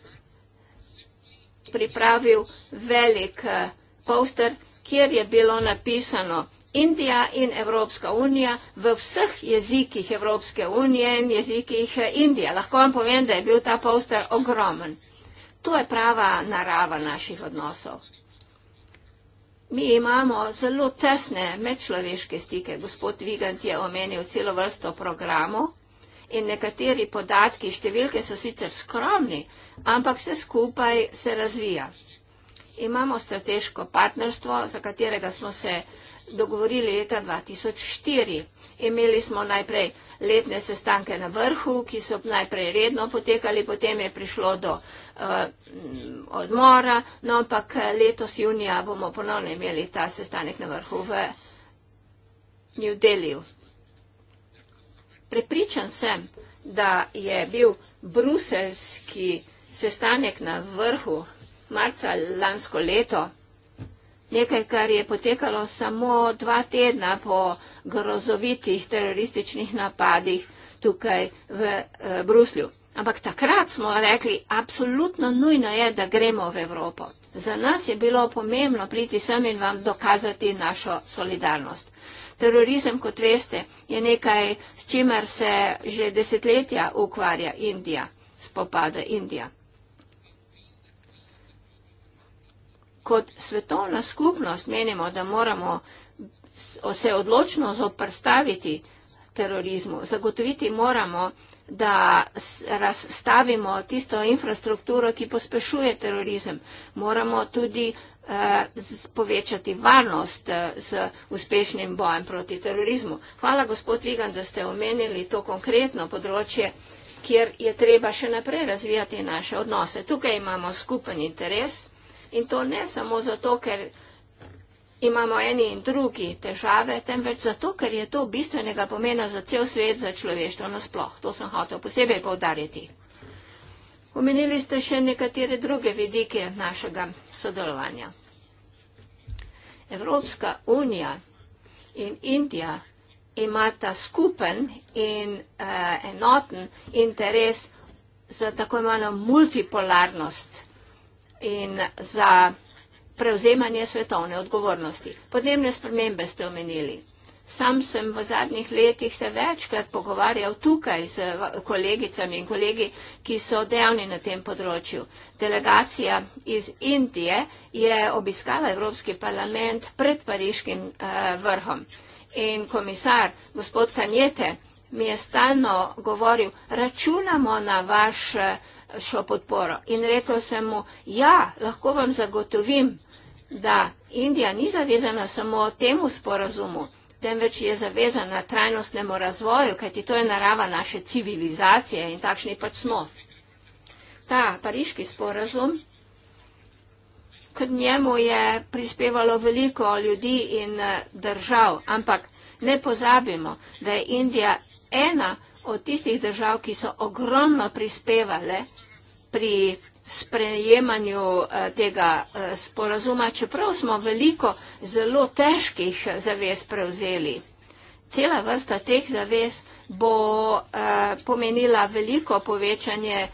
C: pripravil velik uh, poster, kjer je bilo napisano Indija in Evropska unija v vseh jezikih Evropske unije in jezikih eh, Indije. Lahko vam povem, da je bil ta poster ogromen. To je prava narava naših odnosov. Mi imamo zelo tesne medčloveške stike. Gospod Vigant je omenil celo vrsto programov in nekateri podatki, številke so sicer skromni, ampak vse skupaj se razvija. Imamo strateško partnerstvo, za katerega smo se dogovorili leta 2004. Imeli smo najprej letne sestanke na vrhu, ki so najprej redno potekali, potem je prišlo do uh, odmora, no ampak letos junija bomo ponovno imeli ta sestanek na vrhu v New Delhiu. Prepričan sem, da je bil bruselski sestanek na vrhu marca lansko leto nekaj, kar je potekalo samo dva tedna po grozovitih terorističnih napadih tukaj v eh, Bruslju. Ampak takrat smo rekli, apsolutno nujno je, da gremo v Evropo. Za nas je bilo pomembno priti sem in vam dokazati našo solidarnost. Terorizem, kot veste, je nekaj, s čimer se že desetletja ukvarja Indija, spopada Indija. kot svetovna skupnost menimo, da moramo se odločno zoprstaviti terorizmu. Zagotoviti moramo, da razstavimo tisto infrastrukturo, ki pospešuje terorizem. Moramo tudi eh, povečati varnost eh, z uspešnim bojem proti terorizmu. Hvala, gospod Vigan, da ste omenili to konkretno področje, kjer je treba še naprej razvijati naše odnose. Tukaj imamo skupen interes. In to ne samo zato, ker imamo eni in drugi težave, temveč zato, ker je to bistvenega pomena za cel svet, za človeštvo nasploh. To sem hotel posebej povdariti. Omenili ste še nekatere druge vidike našega sodelovanja. Evropska unija in Indija imata skupen in uh, enoten interes za tako imeno multipolarnost in za prevzemanje svetovne odgovornosti. Podnebne spremembe ste omenili. Sam sem v zadnjih letih se večkrat pogovarjal tukaj z kolegicami in kolegi, ki so dejavni na tem področju. Delegacija iz Indije je obiskala Evropski parlament pred pariškim uh, vrhom. In komisar, gospod Kanjete, mi je stalno govoril, računamo na vaš uh, šlo podporo. In rekel sem mu, ja, lahko vam zagotovim, da Indija ni zavezana samo temu sporazumu, temveč je zavezana trajnostnemu razvoju, kajti to je narava naše civilizacije in takšni pač smo. Ta pariški sporazum, k njemu je prispevalo veliko ljudi in eh, držav, ampak ne pozabimo, da je Indija ena od tistih držav, ki so ogromno prispevale pri sprejemanju eh, tega eh, sporazuma, čeprav smo veliko zelo težkih zavez prevzeli. Cela vrsta teh zavez bo eh, pomenila veliko povečanje eh,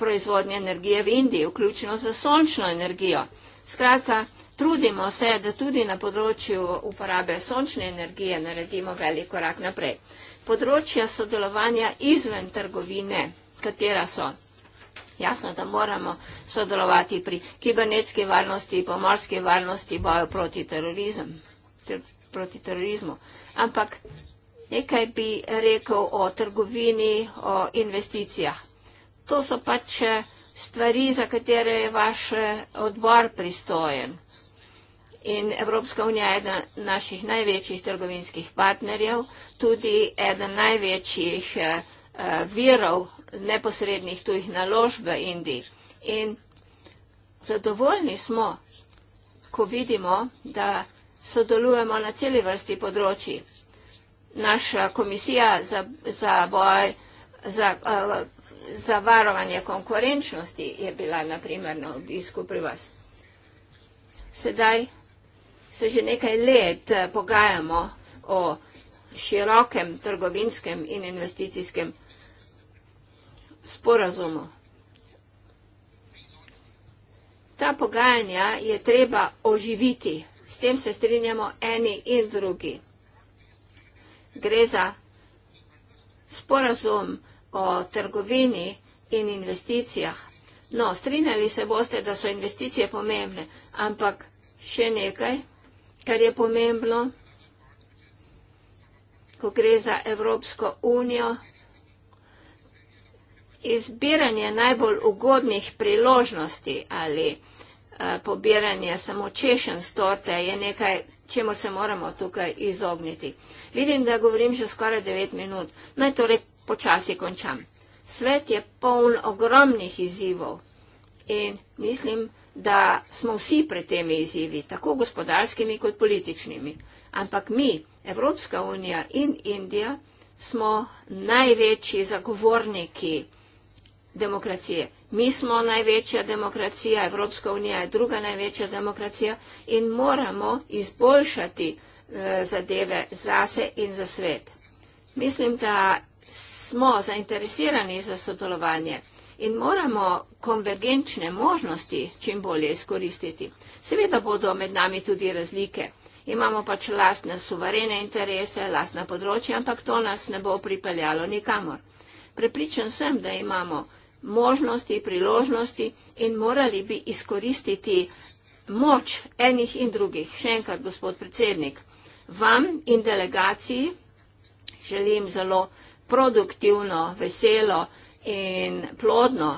C: proizvodnje energije v Indiji, vključno za sončno energijo. Skratka, trudimo se, da tudi na področju uporabe sončne energije naredimo velik korak naprej. Področja sodelovanja izven trgovine, katera so? Jasno, da moramo sodelovati pri kibernetski varnosti, pomorski varnosti, boju proti, terorizem, ter, proti terorizmu. Ampak nekaj bi rekel o trgovini, o investicijah. To so pač eh, stvari, za katere je vaš eh, odbor pristojen. In Evropska unija je eden naših največjih trgovinskih partnerjev, tudi eden največjih eh, virov neposrednih tujih naložb v Indiji. In zadovoljni smo, ko vidimo, da sodelujemo na celi vrsti področji. Naša komisija za, za boj, za, eh, za varovanje konkurenčnosti je bila naprimer na obisku pri vas. Sedaj se že nekaj let eh, pogajamo o širokem trgovinskem in investicijskem področju sporazumu. Ta pogajanja je treba oživiti. S tem se strinjamo eni in drugi. Gre za sporazum o trgovini in investicijah. No, strinjali se boste, da so investicije pomembne, ampak še nekaj, kar je pomembno, ko gre za Evropsko unijo, izbiranje najbolj ugodnih priložnosti ali eh, pobiranje samo češen s torte je nekaj, čemu se moramo tukaj izogniti. Vidim, da govorim že skoraj 9 minut. Naj torej počasi končam. Svet je poln ogromnih izzivov in mislim, da smo vsi pred temi izzivi, tako gospodarskimi kot političnimi. Ampak mi, Evropska unija in Indija, smo največji zagovorniki demokracije. Mi smo največja demokracija, Evropska unija je druga največja demokracija in moramo izboljšati eh, zadeve zase in za svet. Mislim, da smo zainteresirani za sodelovanje in moramo konvergenčne možnosti čim bolje izkoristiti. Seveda bodo med nami tudi razlike. Imamo pač lastne suverene interese, lastna področja, ampak to nas ne bo pripeljalo nikamor. Prepričan sem, da imamo možnosti, priložnosti in morali bi izkoristiti moč enih in drugih. Še enkrat, gospod predsednik, vam in delegaciji želim zelo produktivno, veselo in plodno,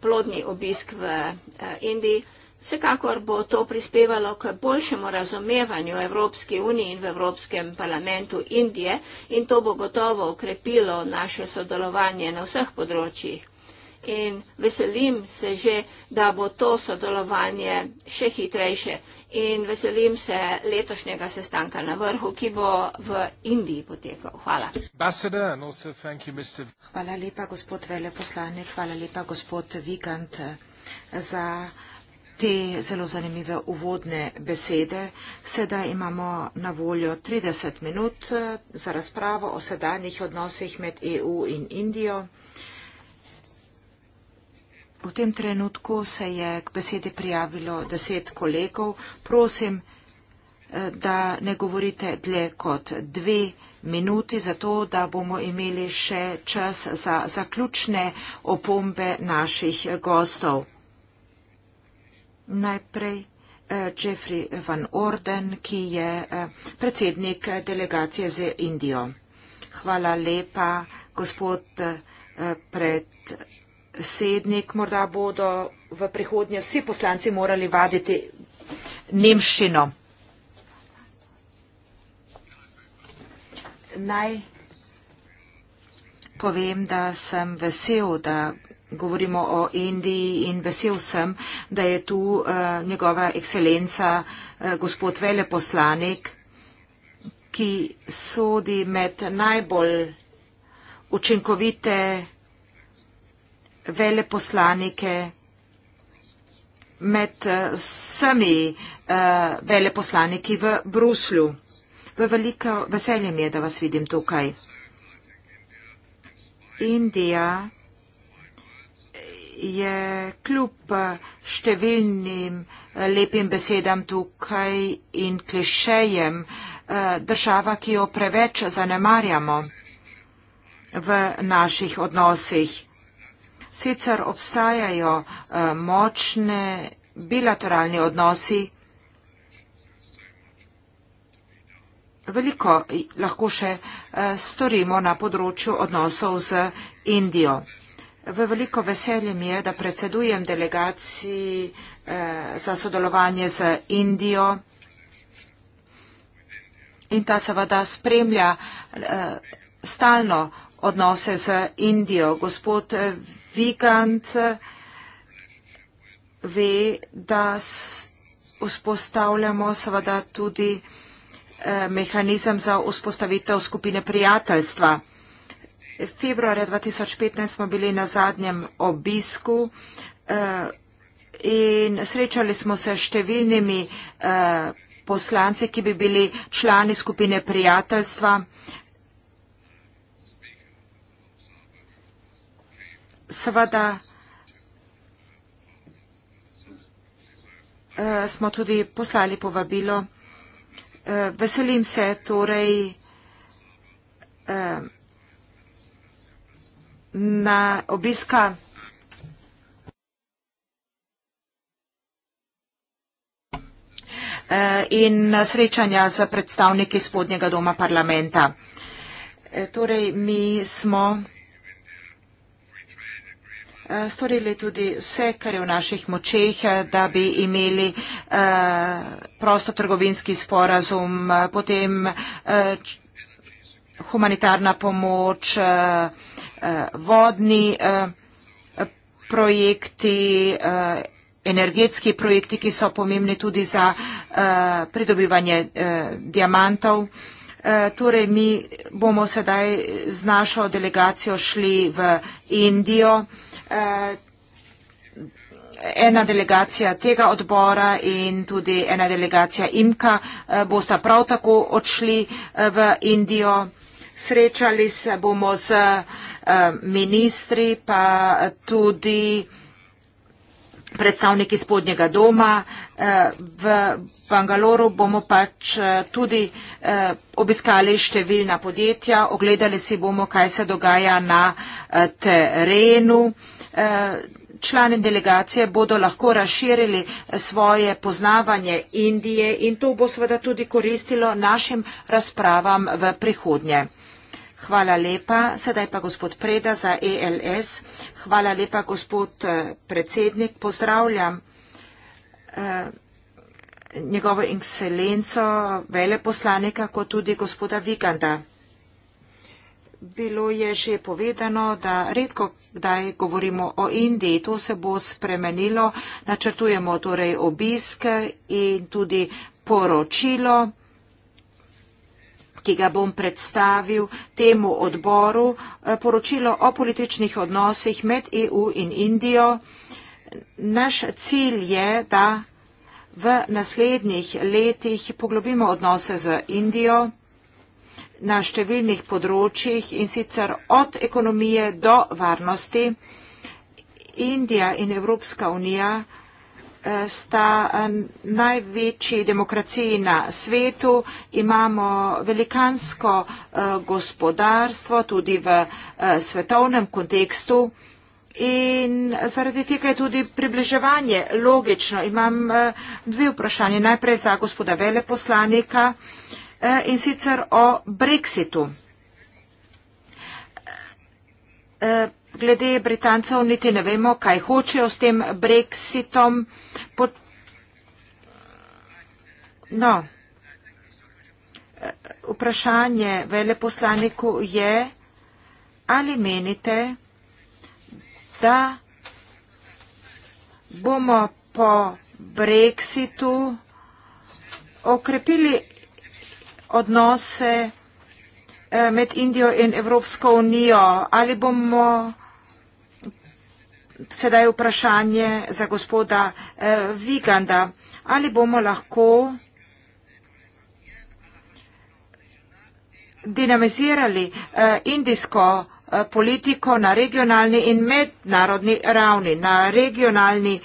C: plodni obisk v eh, Indiji. Vsekakor bo to prispevalo k boljšemu razumevanju Evropske unije in v Evropskem parlamentu Indije in to bo gotovo okrepilo naše sodelovanje na vseh področjih. In veselim se že, da bo to sodelovanje še hitrejše in veselim se letošnjega sestanka na vrhu, ki bo v
B: Indiji potekal. Hvala. Hvala lepa, gospod veleposlanik, hvala lepa, gospod Vigant, za te zelo zanimive uvodne besede. Sedaj imamo na voljo 30 minut eh, za razpravo o sedanjih odnosih med EU in Indijo. V tem trenutku se je k besedi prijavilo deset kolegov. Prosim, eh, da ne govorite dlje kot dve minuti, zato da bomo imeli še čas za zaključne opombe naših gostov najprej eh, Jeffrey Van Orden, ki je eh, predsednik delegacije z Indijo. Hvala lepa, gospod eh, predsednik. Morda bodo v prihodnje vsi poslanci morali vaditi nemščino. Naj povem, da sem vesel, da govorimo o Indiji in vesel sem, da je tu uh, njegova ekscelenca, uh, gospod veleposlanik, ki sodi med najbolj učinkovite veleposlanike, med eh, vsemi uh, veleposlaniki v Bruslju. V veliko veselje mi je, da vas vidim tukaj. Indija je kljub eh, številnim eh, lepim besedam tukaj in klišejem eh, država, ki jo preveč zanemarjamo v naših odnosih. Sicer obstajajo močne bilateralni odnosi. Veliko lahko še storimo na področju odnosov z Indijo. V veliko veselje mi je, da predsedujem delegaciji eh, za sodelovanje z Indijo in ta seveda spremlja eh, stalno odnose z Indijo. Gospod Vigant ve, da vzpostavljamo seveda tudi eh, mehanizem za vzpostavitev skupine prijateljstva februarja 2015 smo bili na zadnjem obisku eh, in srečali smo se s številnimi eh, poslanci, ki bi bili člani skupine prijateljstva. Seveda eh, smo tudi poslali povabilo. Veselim se torej na obiska e, in srečanja z predstavniki spodnjega doma parlamenta. E, torej, mi smo e, storili tudi vse, kar je v naših močeh, da bi imeli prostotrgovinski sporazum, potem humanitarna pomoč, Eh, vodni eh, projekti, eh, energetski projekti, ki so pomembni tudi za pridobivanje diamantov. Torej, mi bomo sedaj z našo delegacijo šli v Indijo. Ena delegacija tega odbora in tudi ena delegacija IMKA bosta prav tako odšli v Indijo srečali se bomo z eh, ministri, pa tudi predstavniki spodnjega doma. Eh, v Bangaloru bomo pač eh, tudi obiskali številna podjetja, ogledali si bomo, kaj se dogaja na terenu. Člani delegacije bodo lahko razširili svoje poznavanje Indije in to bo seveda tudi koristilo našim razpravam v prihodnje. Hvala lepa. Sedaj pa gospod Preda za ELS. Hvala lepa, gospod eh, predsednik. Pozdravljam eh, njegovo inkselenco, veleposlanika, kot tudi gospoda Viganda. Bilo je že povedano, da redko kdaj govorimo o Indiji. To se bo spremenilo. Načrtujemo torej obisk in tudi poročilo ki ga bom predstavil temu odboru, eh, poročilo o političnih odnosih med EU in Indijo. Naš cilj je, da v naslednjih letih poglobimo odnose z Indijo na številnih področjih in sicer od ekonomije do varnosti. Indija in Evropska unija Eh, sta eh, največji demokraciji na svetu. Imamo velikansko eh, gospodarstvo tudi v svetovnem kontekstu. In zaradi tega je tudi približevanje logično. Imam dve vprašanje. Najprej za gospoda veleposlanika in sicer o Brexitu glede Britancev niti ne vemo, kaj hočejo s tem Brexitom. Pod... No. Vprašanje veleposlaniku je, ali menite, da bomo po Brexitu okrepili odnose eh, med Indijo in Evropsko unijo, ali bomo sedaj vprašanje za gospoda eh, Viganda. Ali bomo lahko dinamizirali eh, indijsko eh, politiko na regionalni in mednarodni ravni. Na regionalni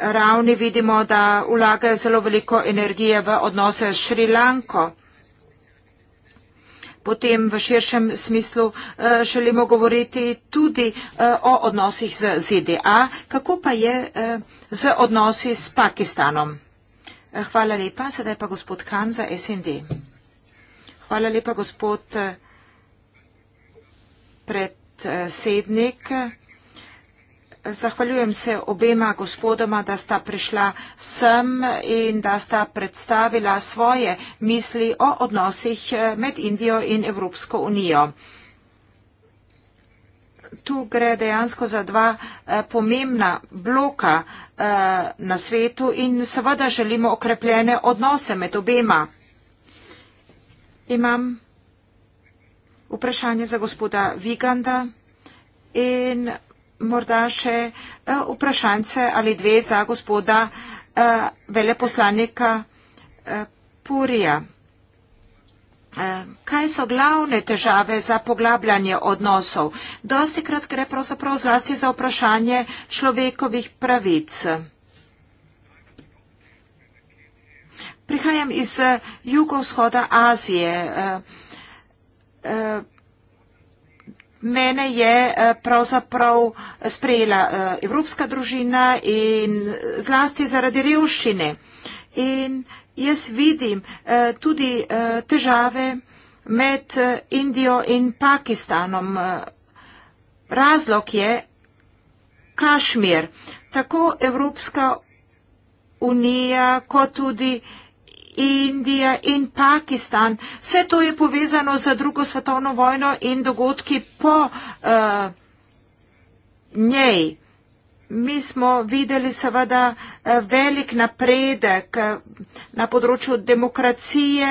B: ravni vidimo, da vlagajo zelo veliko energije v odnose s Šrilanko potem v širšem smislu eh, želimo govoriti tudi eh, o odnosih z ZDA. Kako pa je eh, z odnosi s Pakistanom? Hvala lepa. Sedaj pa gospod Khan za SND. Hvala lepa gospod predsednik. Hvala lepa gospod predsednik zahvaljujem se obema gospodoma, da sta prišla sem in da sta predstavila svoje misli o odnosih eh, med Indijo in Evropsko unijo. Tu gre dejansko za dva eh, pomembna bloka eh, na svetu in seveda želimo okrepljene odnose med obema. Imam vprašanje za gospoda Viganda in morda še eh, vprašanje ali dve za gospoda eh, veleposlanika eh, Purija. Kaj so glavne težave za poglabljanje odnosov? Dosti krat gre pravzaprav zlasti za vprašanje človekovih pravic. Prihajam iz jugovzhoda Azije mene je eh, pravzaprav sprejela eh, evropska družina in zlasti zaradi revščine. In jaz vidim eh, tudi težave med Indijo in Pakistanom. Razlog je Kašmir. Tako Evropska unija, kot tudi Indija in Pakistan. Vse to je povezano z drugo svetovno vojno in dogodki po uh, njej. Mi smo videli seveda eh, velik napredek eh, na področju demokracije,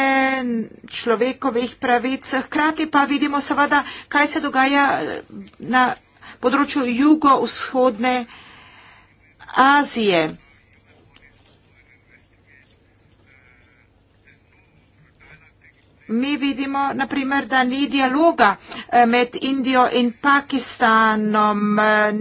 B: človekovih pravic, hkrati pa vidimo seveda, kaj se dogaja na področju jugovzhodne Azije. mi vidimo, na primer, da ni dialoga eh, med Indijo in Pakistanom. Eh,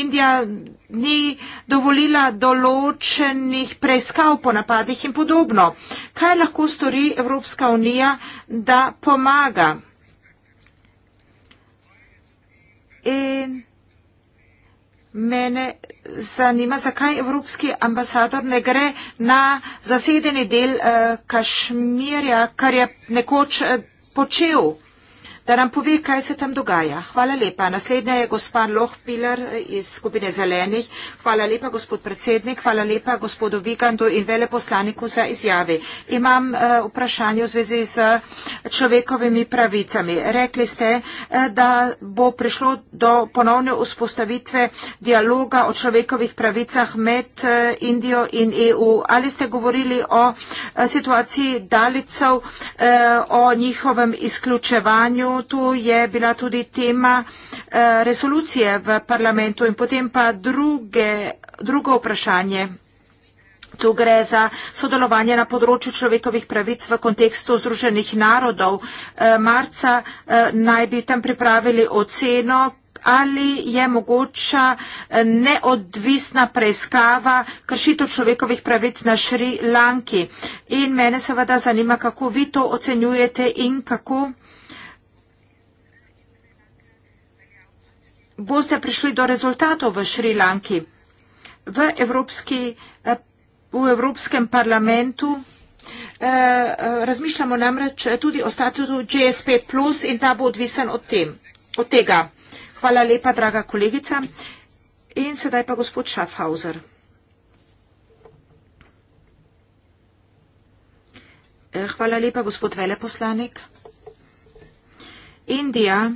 B: Indija ni dovolila določenih preiskav po napadih in podobno. Kaj lahko stori Evropska unija, da pomaga? In Mene zanima, zakaj evropski ambasador ne gre na zasedeni del uh, Kašmirja, kar je nekoč uh, počel. Uh, da nam pove, kaj se tam dogaja. Hvala lepa. Naslednja je gospa Lohpiler eh, iz skupine Zelenih. Hvala lepa, gospod predsednik. Hvala lepa, gospodu Vigandu in veleposlaniku za izjave. Imam uh, vprašanje v zvezi z človekovimi pravicami. Rekli ste, uh, da bo prišlo do ponovne vzpostavitve dialoga o človekovih pravicah med uh, Indijo in EU. Ali ste govorili o uh, situaciji dalicov, uh, o njihovem izključevanju, to je bila tudi tema eh, resolucije v parlamentu in potem pa druge, drugo vprašanje. Tu gre za sodelovanje na področju človekovih pravic v kontekstu Združenih narodov. Eh, marca eh, naj bi tam pripravili oceno, ali je mogoča neodvisna preiskava kršitev človekovih pravic na Šri Lanki. In mene seveda zanima, kako vi to ocenjujete in kako. boste prišli do rezultatov v Šrilanki. V, Evropski, eh, v Evropskem parlamentu eh, eh, razmišljamo namreč tudi o statusu GSP plus in ta bo odvisen od, tem, od tega. Hvala lepa, draga kolegica. In sedaj pa gospod Schaffhauser. Hvala lepa, gospod veleposlanik. Indija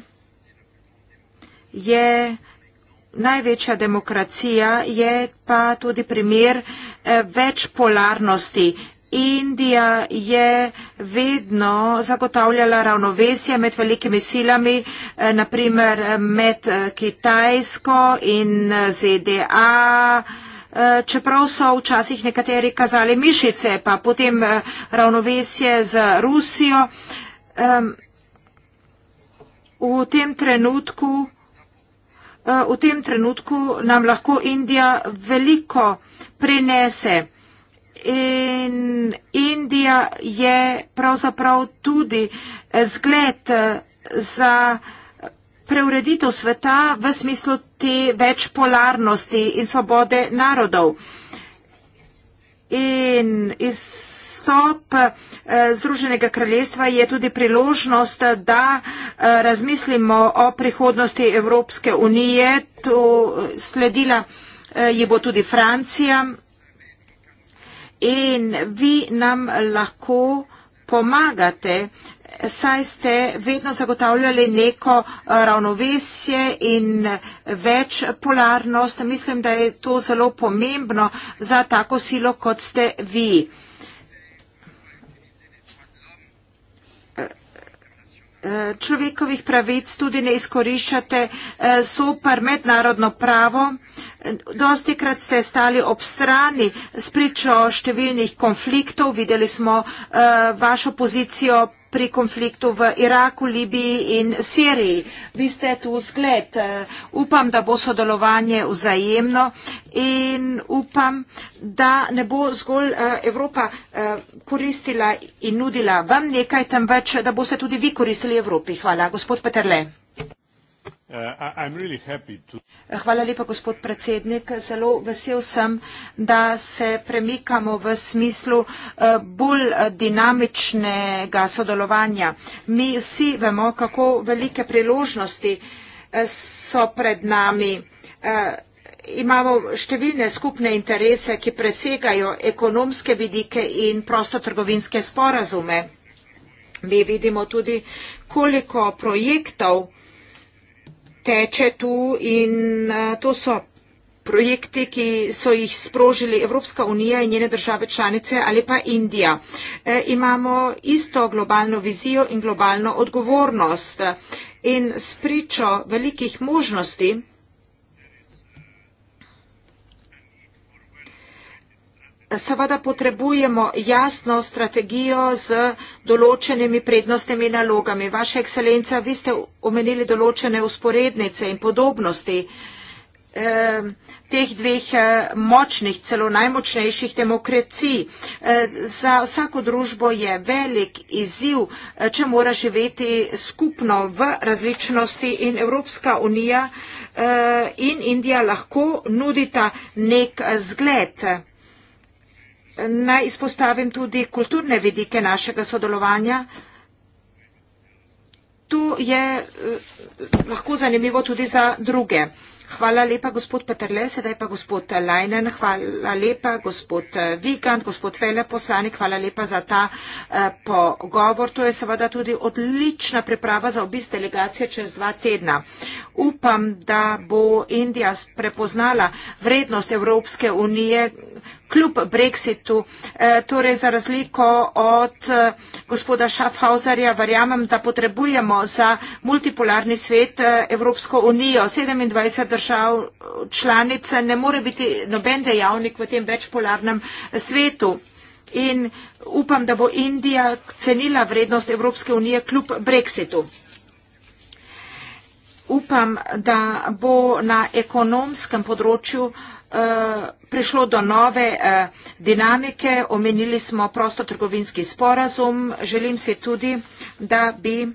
B: je največja demokracija, je pa tudi primer eh, večpolarnosti. Indija je vedno zagotavljala ravnovesje med velikimi silami, eh, naprimer eh, med Kitajsko in ZDA, čeprav so včasih nekateri kazali mišice, pa potem ravnovesje z Rusijo. V tem trenutku Eh, v tem trenutku nam lahko Indija veliko prenese. In Indija je pravzaprav tudi zgled eh, za preureditev sveta v smislu te večpolarnosti in svobode narodov. In izstop eh, Združenega kraljestva je tudi priložnost, da eh, razmislimo o prihodnosti Evropske unije. To eh, sledila je bo tudi Francija. In vi nam lahko pomagate uh, saj ste vedno zagotavljali neko eh, ravnovesje in več polarnost. Mislim, da je to zelo pomembno za tako silo, kot ste vi. Eh, eh, človekovih pravic tudi ne izkoriščate super mednarodno pravo. Dosti krat ste stali ob strani spričo številnih konfliktov, videli smo uh, vašo pozicijo pri konfliktu v Iraku, Libiji in Siriji. Vi ste tu zgled. Eh, upam, da bo sodelovanje vzajemno in upam, da ne bo zgolj eh, Evropa koristila in nudila vam nekaj, temveč da boste tudi vi koristili Evropi. Hvala. Gospod Peterle. Uh, Hvala lepa, gospod predsednik. Zelo vesel sem, da se premikamo v smislu uh, bolj uh, dinamičnega sodelovanja. Mi vsi vemo, kako velike priložnosti so pred nami. Imamo številne skupne interese, ki presegajo ekonomske vidike in prostotrgovinske sporazume. Mi vidimo tudi, koliko projektov teče tu in eh, to so projekti, ki so jih sprožili Evropska unija in njene države članice ali pa Indija. E, imamo isto globalno vizijo in globalno odgovornost in spričo velikih možnosti, Seveda potrebujemo jasno strategijo z določenimi prednostnimi nalogami. Vaša ekscelenca, vi ste omenili določene usporednice in podobnosti eh, teh dveh eh, močnih, celo najmočnejših demokracij. Eh, za vsako družbo je velik izziv, če mora živeti skupno v različnosti in Evropska unija in Indija lahko nudita nek zgled. Naj izpostavim tudi kulturne vidike našega sodelovanja. Tu je eh, lahko zanimivo tudi za druge. Hvala lepa, gospod Peterle, sedaj pa gospod Leinen, hvala lepa, gospod eh, Vigant, gospod Veleposlanik, hvala lepa za ta eh, pogovor. To je seveda tudi odlična priprava za obisk delegacije čez dva tedna. Upam, da bo Indija prepoznala vrednost Evropske unije kljub Brexitu. E, torej za razliko od e, gospoda Schaffhauserja verjamem, da potrebujemo za multipolarni svet e, Evropsko unijo. 27 držav članice ne more biti noben dejavnik v tem večpolarnem svetu. In upam, da bo Indija cenila vrednost Evropske unije kljub Brexitu. Upam, da bo na ekonomskem področju uh, Eh, prišlo do nove eh, dinamike, omenili smo prostotrgovinski sporazum. Želim si tudi, da bi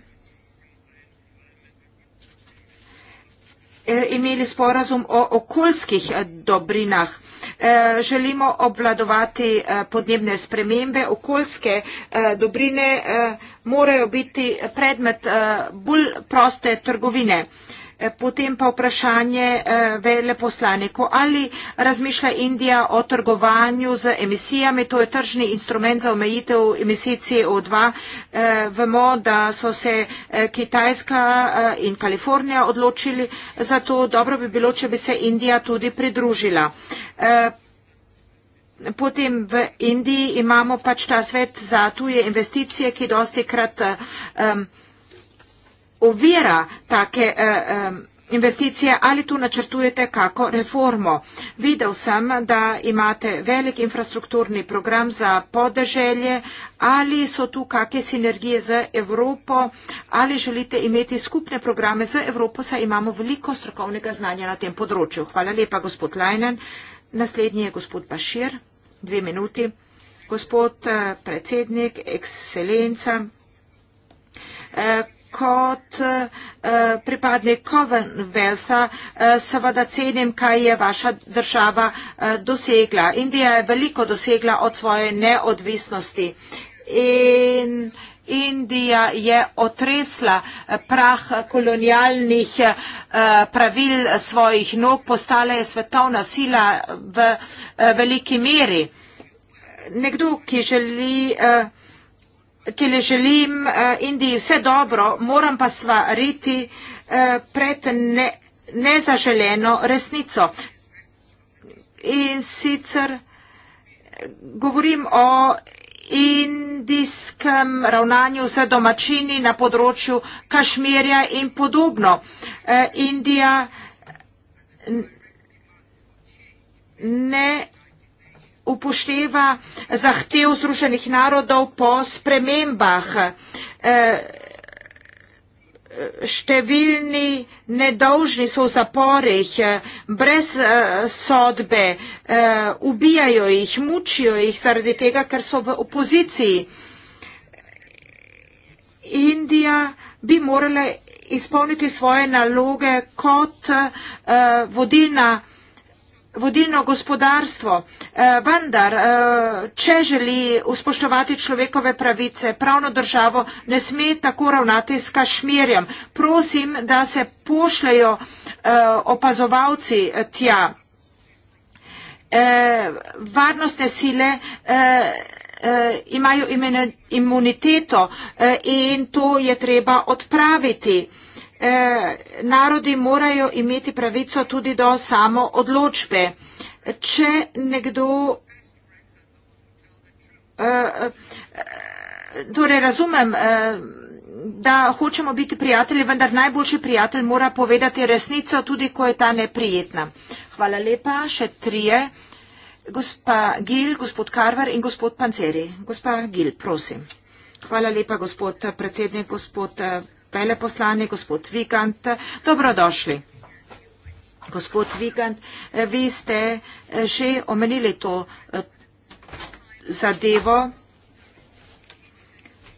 B: eh, imeli sporazum o okoljskih dobrinah. Želimo obvladovati podnebne spremembe. Okoljske dobrine morajo biti predmet bolj proste trgovine. Eh, potem pa vprašanje eh, veleposlaniku. Ali razmišlja Indija o trgovanju z emisijami? To je tržni instrument za omejitev emisij CO2. Eh, vemo, da so se Kitajska in Kalifornija odločili za to. Dobro bi bilo, če bi se Indija tudi pridružila. Potem v Indiji imamo pač ta svet za tuje investicije, ki dosti krat. Um, ovira take eh, eh, investicije ali tu načrtujete kako reformo. Videl sam da imate velik infrastrukturni program za podeželje, ali so tu kakve sinergije za Evropo, ali želite imeti skupne programe za Evropo, saj imamo veliko strokovnega znanja na tem področju. Hvala lepa, gospod Lajnen. Naslednji je gospod Bašir, dve minuti. Gospod eh, predsednik, ekscelenca, kot eh, pripadnik Covenwealtha eh, seveda cenim, kaj je vaša država eh, dosegla. Indija je veliko dosegla od svoje neodvisnosti in Indija je otresla prah kolonialnih pravil svojih nog, postala je svetovna sila v veliki meri. Nekdo, ki želi ki le želim eh, Indiji vse dobro, moram pa svariti eh, pred ne, nezaželeno resnico. In sicer eh, govorim o indijskem ravnanju z domačini na področju Kašmirja in podobno. Indija ne upošteva zahtev Združenih narodov po spremembah. Eh, številni nedolžni so v zaporih, eh, brez eh, sodbe, ubijajo jih, mučijo jih zaradi tega, ker so v opoziciji. Indija bi morala izpolniti svoje naloge kot vodilna država vodilno gospodarstvo, eh, vendar, eh, če želi uspoštovati človekove pravice, pravno državo, ne sme tako ravnati s Kašmirjem. Prosim, da se pošljajo eh, opazovalci tja. Varnostne sile imajo imuniteto in to je treba odpraviti. Eh, narodi morajo imeti pravico tudi do samo odločbe. Če nekdo eh, eh, torej razumem, da hočemo biti prijatelji, vendar najboljši prijatelj mora povedati resnico, tudi ko je ta neprijetna. Hvala lepa, še trije, gospa Gil, gospod Karvar in gospod Panceri. Gospa Gil, prosim. Hvala lepa, gospod predsednik, gospod veleposlani, gospod Vigant. Dobrodošli. Gospod Vigant, vi ste eh, že omenili to eh, zadevo.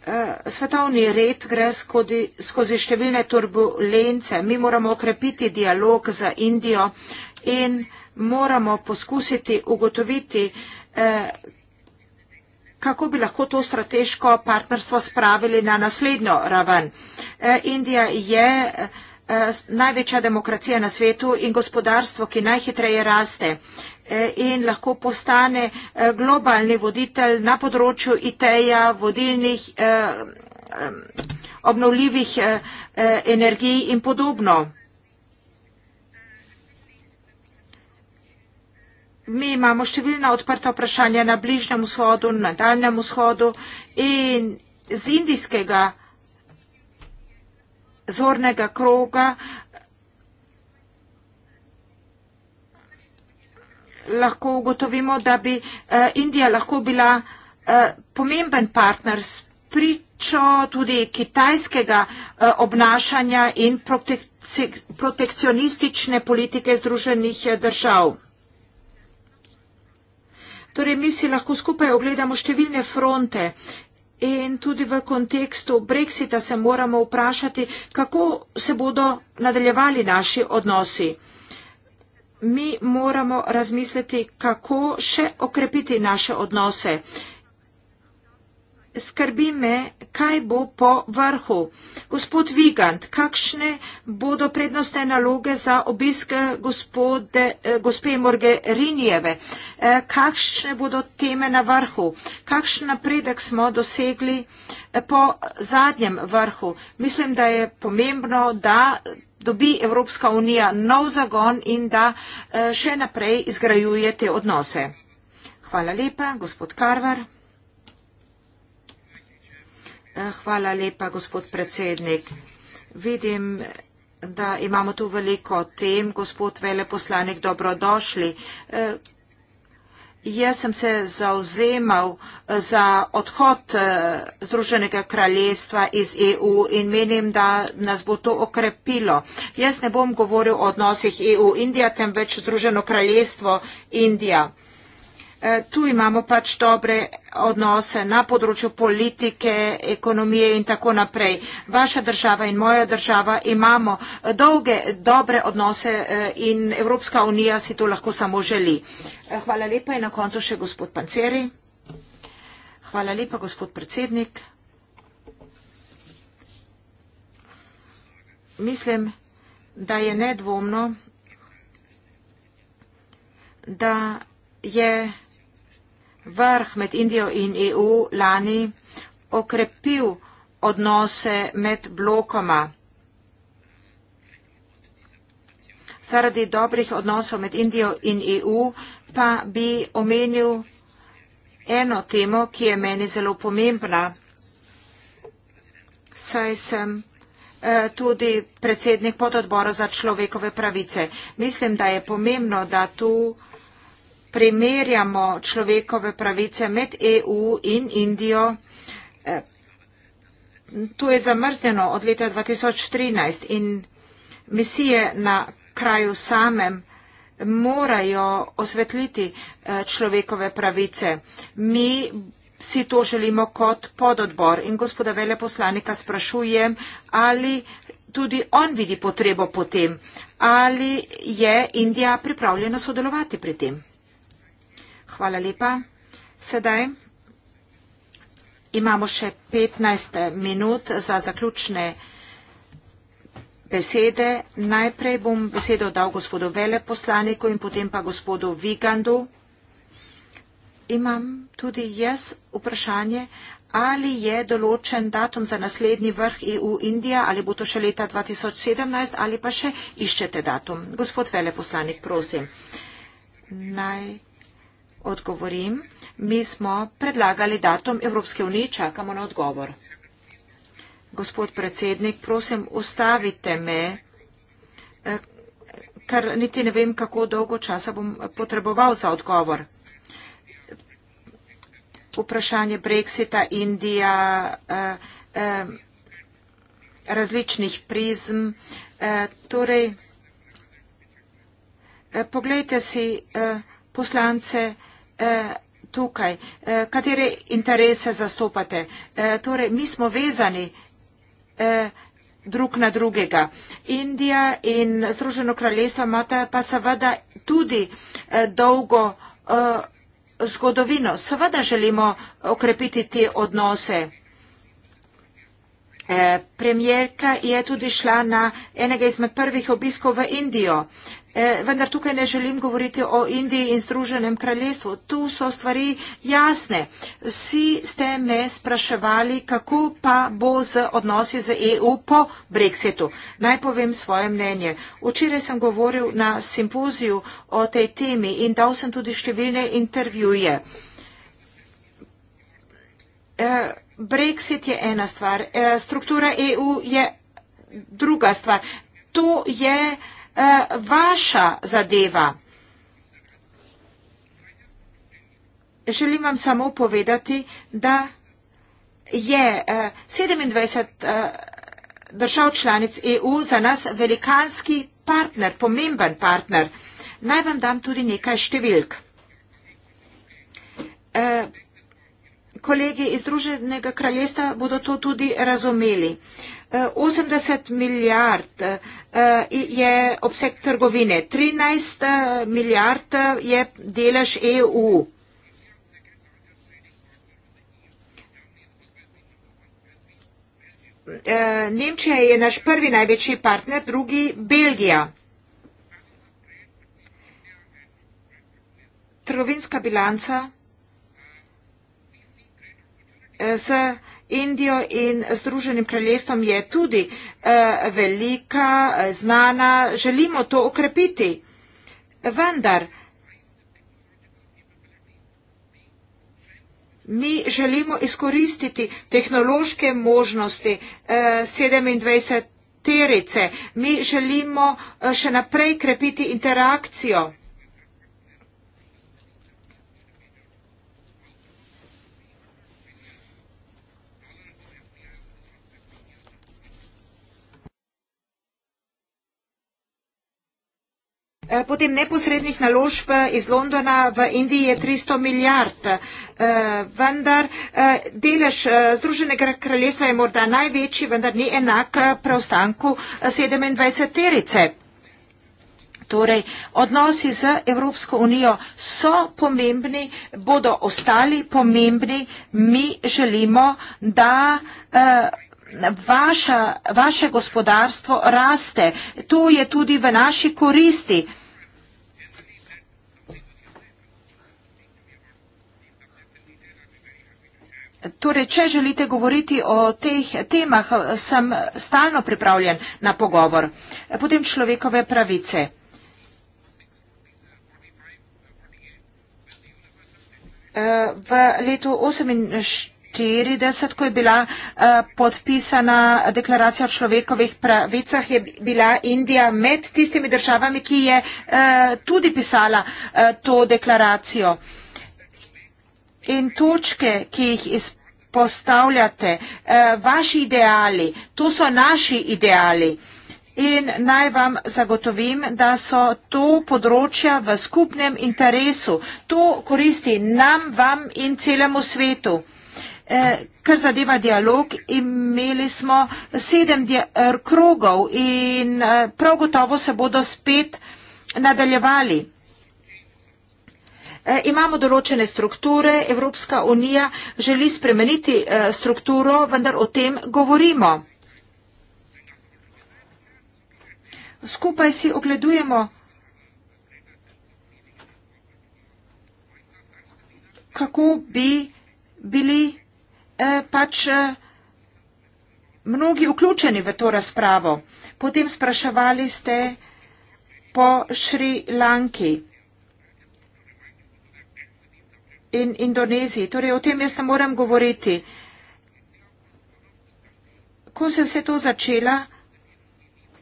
B: Eh, svetovni red gre skozi, skozi številne turbulence. Mi moramo okrepiti dialog za Indijo in moramo poskusiti ugotoviti, kako bi lahko to strateško partnerstvo spravili na naslednjo raven. E, Indija je e, največja demokracija na svetu in gospodarstvo, ki najhitreje raste e, in lahko postane globalni voditelj na področju IT-ja, vodilnih obnovljivih energij in podobno. mi imamo številna odprta vprašanja na bližnjem vzhodu, na daljnem vzhodu in z indijskega zornega kroga lahko ugotovimo, da bi eh, Indija lahko bila eh, pomemben partner s pričo tudi kitajskega eh, obnašanja in protekcionistične politike združenih držav. Torej, mi si lahko skupaj ogledamo številne fronte in tudi v kontekstu brexita se moramo vprašati, kako se bodo nadaljevali naši odnosi. Mi moramo razmisliti, kako še okrepiti naše odnose. Uh, skrbi me, kaj bo po vrhu. Gospod Vigant, kakšne bodo prednostne naloge za obisk gospode, eh, gospe Morge Rinjeve? Eh, kakšne bodo teme na vrhu? Kakšen napredek smo dosegli eh, po zadnjem vrhu? Mislim, da je pomembno, da dobi Evropska unija nov zagon in da še naprej izgrajuje te odnose. Hvala lepa, gospod Karvar. Eh, hvala lepa, gospod predsednik. Vidim, da imamo tu veliko tem. Gospod veleposlanik, dobrodošli. Eh, jaz sem se zauzemal za odhod eh, Združenega kraljestva iz EU in menim, da nas bo to okrepilo. Jaz ne bom govoril o odnosih EU-Indija, temveč Združeno kraljestvo Indija. E, tu imamo pač dobre odnose na področju politike, ekonomije in tako naprej. Vaša država in moja država imamo dolge, dobre odnose e, in Evropska unija si to lahko samo želi. E, hvala lepa in na koncu še gospod Panceri. Hvala lepa, gospod predsednik. Mislim, da je nedvomno, da je vrh med Indijo in EU lani okrepil odnose med blokoma. Zaradi dobrih odnosov med Indijo in EU pa bi omenil eno temo, ki je meni zelo pomembna. Saj sem eh, tudi predsednik pododbora za človekove pravice. Mislim, da je pomembno, da tu primerjamo človekove pravice med EU in Indijo, eh, tu je zamrzljeno od leta 2013 in misije na kraju samem morajo osvetliti eh, človekove pravice. Mi si to želimo kot pododbor in gospoda vele poslanika sprašujem, ali tudi on vidi potrebo po tem, ali je Indija pripravljena sodelovati pri tem. Hvala lepa. Sedaj imamo še 15 minut za zaključne besede. Najprej bom besedo dal gospodu veleposlaniku in potem pa gospodu Vigandu. Imam tudi jaz vprašanje, ali je določen datum za naslednji vrh EU-Indija, ali bo to še leta 2017 ali pa še iščete datum. Gospod veleposlanik, prosim. Naj odgovorim. Mi smo predlagali datum Evropske unije, čakamo na odgovor. Gospod predsednik, prosim, ustavite me, eh, ker niti ne vem, kako dolgo časa bom potreboval za odgovor. Vprašanje Brexita, Indija, eh, eh, različnih prizm. Torej, poglejte si poslance Brexita, Eh, tukaj, eh, katere interese zastopate. Eh, torej, mi smo vezani drug na drugega. Indija in Združeno kraljestvo imata pa seveda tudi dolgo zgodovino. Seveda želimo okrepiti te odnose. Eh, Premjerka je tudi šla na enega izmed prvih obiskov v Indijo. Eh, vendar tukaj ne želim govoriti o Indiji in Združenem kraljestvu. Tu so stvari jasne. Vsi ste me spraševali, kako pa bo z odnosi z EU po Brexitu. Naj povem svoje mnenje. Včeraj sem govoril na simpoziju o tej temi in dal sem tudi številne intervjuje. E, Brexit je ena stvar, eh, struktura EU je druga stvar. To je eh, vaša zadeva. Želim vam samo povedati, da je 27 eh, držav članic EU za nas velikanski partner, pomemben partner. Naj vam dam tudi nekaj številk kolegi iz Združenega kraljestva bodo to tudi razumeli. 80 eh, milijard eh, je obseg trgovine, 13 eh, milijard je delež EU. Nemčija je naš prvi največji partner, drugi Belgija. Trgovinska bilanca s Indijo in Združenim kraljestvom je tudi eh, velika, znana, želimo to okrepiti. Vendar mi želimo izkoristiti tehnološke možnosti 27. Eh, terice, mi želimo eh, še naprej krepiti interakcijo. Eh, potem neposrednih naložb eh, iz Londona v Indiji je 300 milijard, eh, vendar delež Združenega kraljestva je morda največji, vendar ni enak preostanku 27 terice. Torej, odnosi z Evropsko unijo so pomembni, bodo ostali pomembni. Mi želimo, da eh, vaša, vaše gospodarstvo raste. To je tudi v naši koristi. Eh, Torej, če želite govoriti o teh temah, sem stalno pripravljen na pogovor. Potem človekove pravice. E, v letu 1948, ko je bila e, podpisana deklaracija o človekovih pravicah, je bila Indija med tistimi državami, ki je e, tudi pisala to deklaracijo in točke, ki jih izpolnjujete. Postavljate eh, vaši ideali, to so naši ideali in naj vam zagotovim, da so to področja v skupnem interesu. To koristi nam, vam in celemu svetu. Eh, kar zadeva dialog, imeli smo sedem eh, krogov in prav gotovo se bodo spet nadaljevali. Eh, imamo določene strukture, Evropska unija želi spremeniti eh, strukturo, vendar o tem govorimo. Skupaj si ogledujemo, kako bi bili eh, pač mnogi vključeni v to razpravo. Potem spraševali ste po Šri Lanki in Indoneziji. Torej, o tem jaz ne morem govoriti. Ko se je vse to začela,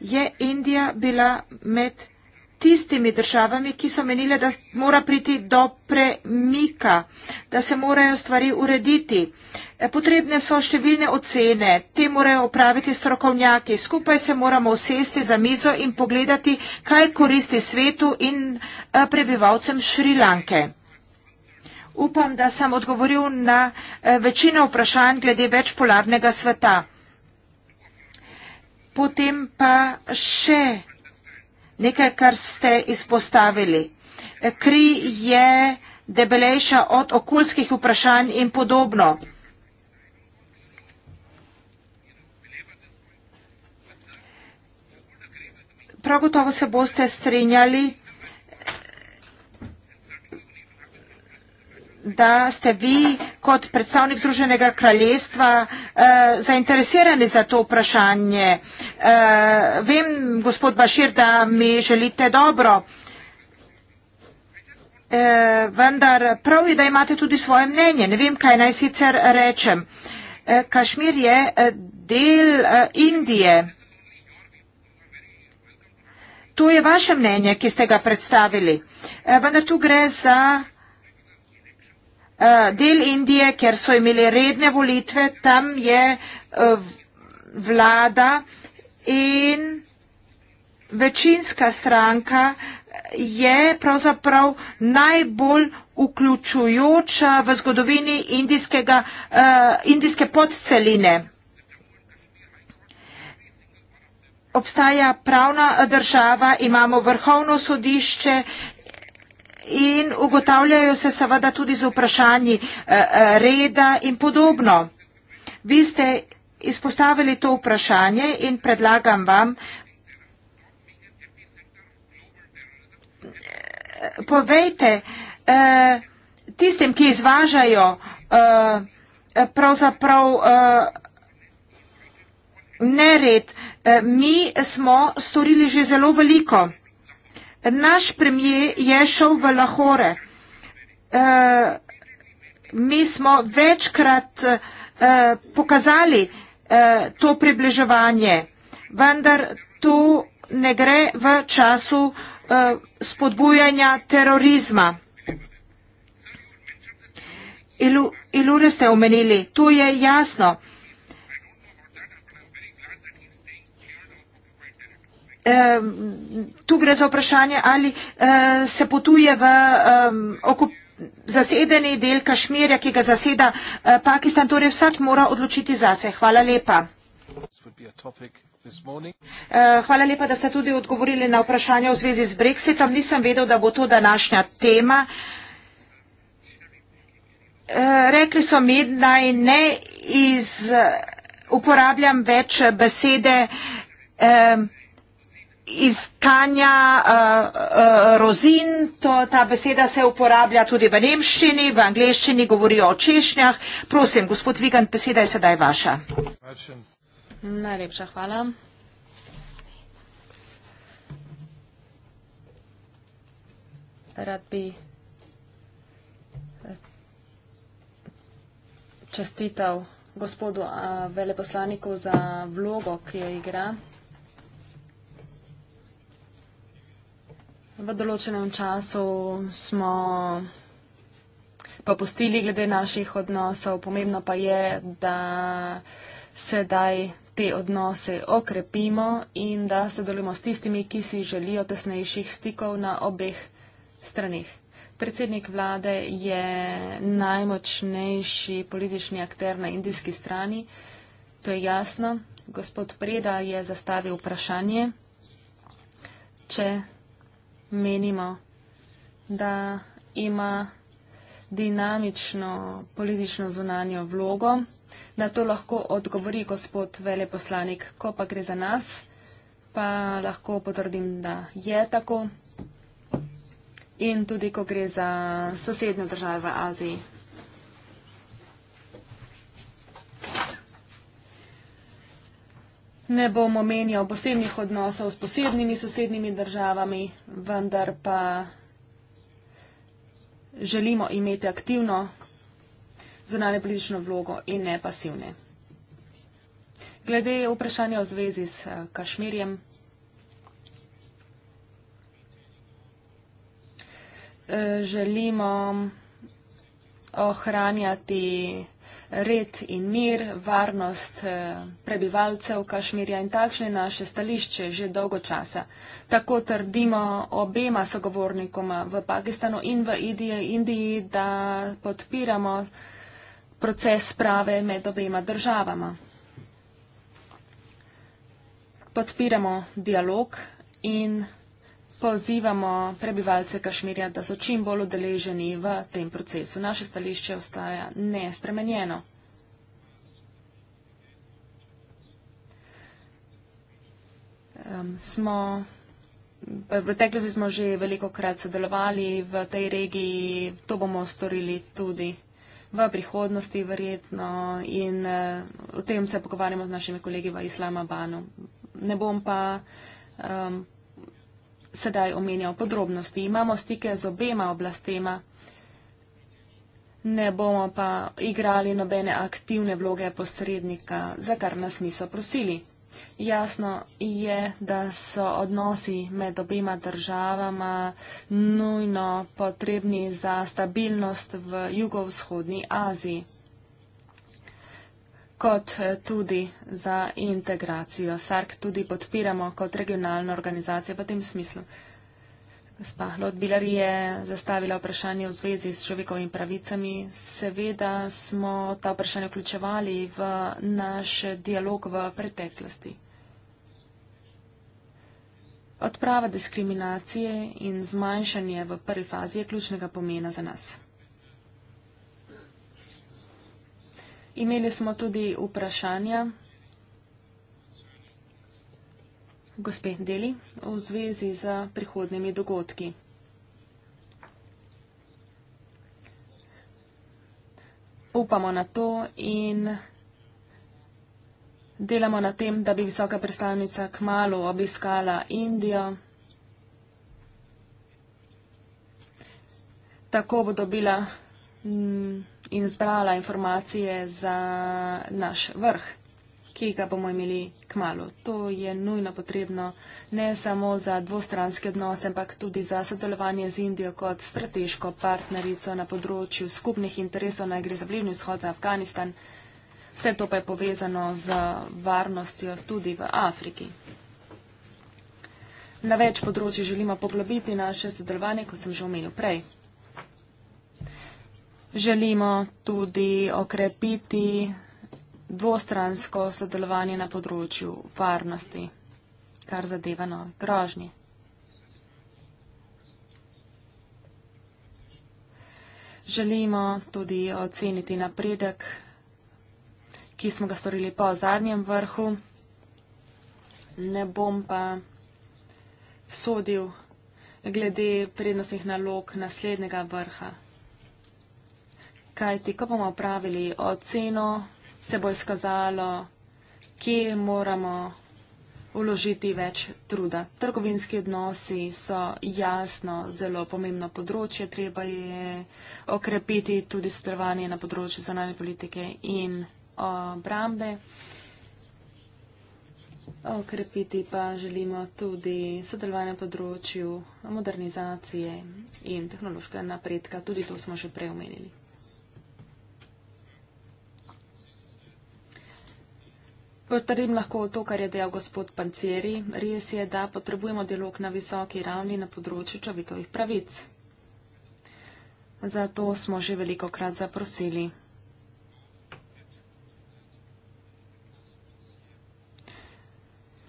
B: je Indija bila med tistimi državami, ki so menile, da mora priti do premika, da se morajo stvari urediti. E, potrebne so številne ocene, te morajo opraviti strokovnjaki. Skupaj se moramo usesti za mizo in pogledati, kaj koristi svetu in e, prebivalcem Šrilanke. Upam, da sem odgovoril na eh, večino vprašanj glede večpolarnega sveta. Potem pa še nekaj, kar ste izpostavili. Kri je debelejša od okoljskih vprašanj in podobno. Prav gotovo se boste strinjali, da je da ste vi kot predstavnik Združenega kraljestva eh, zainteresirani za to vprašanje. Eh, vem, gospod Bašir, da mi želite dobro, eh, vendar prav je, da imate tudi svoje mnenje. Ne vem, kaj naj sicer rečem. Eh, Kašmir je eh, del eh, Indije. To je vaše mnenje, ki ste ga predstavili. Eh, vendar tu gre za. Eh, del Indije, kjer so imeli redne volitve, tam je eh, vlada in večinska stranka je pravzaprav najbolj vključujoča v zgodovini indijskega, uh, indijske podceline. Obstaja pravna država, imamo vrhovno sodišče in ugotavljajo se seveda tudi z vprašanji eh, eh, reda in podobno. Vi ste izpostavili to vprašanje in predlagam vam, eh, povejte tistim, ki izvažajo pravzaprav nered, mi smo storili že zelo veliko. Naš premijer je šel v Lahore. Eh, mi smo večkrat eh, pokazali eh, to približevanje, vendar to ne gre v času spodbujanja terorizma. Ilure ste omenili, to je jasno. tu gre za vprašanje, ali eh, se potuje v okup zasedeni del Kašmirja, ki ga zaseda eh, Pakistan, torej vsak mora odločiti zase. Hvala lepa. Eh, hvala lepa, da ste tudi odgovorili na vprašanje v zvezi z Brexitom. Nisem vedel, da bo to današnja tema. Rekli so mi, naj ne iz, uporabljam več besede eh, iskanja uh, uh, rozin, to, ta beseda se uporablja tudi v nemščini, v angliščini govorijo o češnjah. Prosim, gospod Vigant, beseda je sedaj vaša.
A: Najlepša hvala. Rad bi eh, čestital gospodu veleposlaniku za vlogo, ki jo igra. v določenem času smo popustili glede naših odnosov. Pomembno pa je, da sedaj te odnose okrepimo in da sodelujemo s tistimi, ki si želijo tesnejših stikov na obeh stranih. Predsednik vlade je najmočnejši politični akter na indijski strani. To je jasno. Gospod Preda je zastavil vprašanje, če menimo, da ima dinamično politično zunanjo vlogo. Na to lahko odgovori gospod veleposlanik. Ko pa gre za nas, pa lahko potrdim, da je tako. In tudi, ko gre za sosednje države v Aziji. ne bom omenjal posebnih odnosov s posebnimi sosednjimi državami, vendar pa želimo imeti aktivno zunanje politično vlogo in ne pasivne. Glede vprašanja v zvezi s eh, Kašmirjem, eh, želimo ohranjati red in mir, varnost eh, prebivalcev Kašmirja in takšne naše stališče že dolgo časa. Tako trdimo obema sogovornikoma v Pakistanu in v Indiji, da podpiramo proces sprave med obema državama. Podpiramo dialog in pozivamo prebivalce Kašmirja, da so čim bolj udeleženi v tem procesu. Naše stališče ostaja nespremenjeno. Smo, v preteklosti smo že veliko krat sodelovali v tej regiji, to bomo storili tudi v prihodnosti verjetno in eh, o tem se pogovarjamo z našimi kolegi v Islamabanu. Ne bom pa um, sedaj omenjal podrobnosti. Imamo stike z obema oblastema, ne bomo pa igrali nobene aktivne vloge posrednika, za kar nas niso prosili. Jasno je, da so odnosi med obema državama nujno potrebni za stabilnost v jugovzhodni Aziji kot eh, tudi za integracijo. SARK tudi podpiramo kot regionalno organizacijo v tem smislu. Gospa Lodbiler je zastavila vprašanje v zvezi s človekovimi pravicami. Seveda smo ta vprašanja vključevali v naš dialog v preteklosti. Odprava diskriminacije in zmanjšanje v prvi fazi je ključnega pomena za nas. Imeli smo tudi vprašanja gospe Deli v zvezi z prihodnimi dogodki. Upamo na to in delamo na tem, da bi visoka predstavnica kmalo obiskala Indijo. Tako bo dobila. Mm, in zbrala informacije za naš vrh, ki ga bomo imeli k malu. To je nujno potrebno ne samo za dvostranske odnose, ampak tudi za sodelovanje z Indijo kot strateško partnerico na področju skupnih interesov, naj gre za bližnji vzhod, za Afganistan. Vse to pa je povezano z varnostjo tudi v Afriki. Na več področji želimo poglobiti naše sodelovanje, kot sem že omenil prej. Želimo tudi okrepiti dvostransko sodelovanje na področju varnosti, kar zadeva nove grožnje. Želimo tudi oceniti napredek, ki smo ga storili po zadnjem vrhu. Ne bom pa sodil glede prednostnih nalog naslednjega vrha kajti ko bomo pravili oceno, se bo izkazalo, kje moramo uložiti več truda. Trgovinski odnosi so jasno zelo pomembno področje, treba je okrepiti tudi strvanje na področju zonalne politike in obrambe. Okrepiti pa želimo tudi sodelovanje na področju modernizacije in tehnološkega napredka. Tudi to smo že preumenili. Potrdim lahko to, kar je dejal gospod Pancieri. Res je, da potrebujemo dialog na visoki ravni na področju človekovih pravic. Zato smo že veliko krat zaprosili.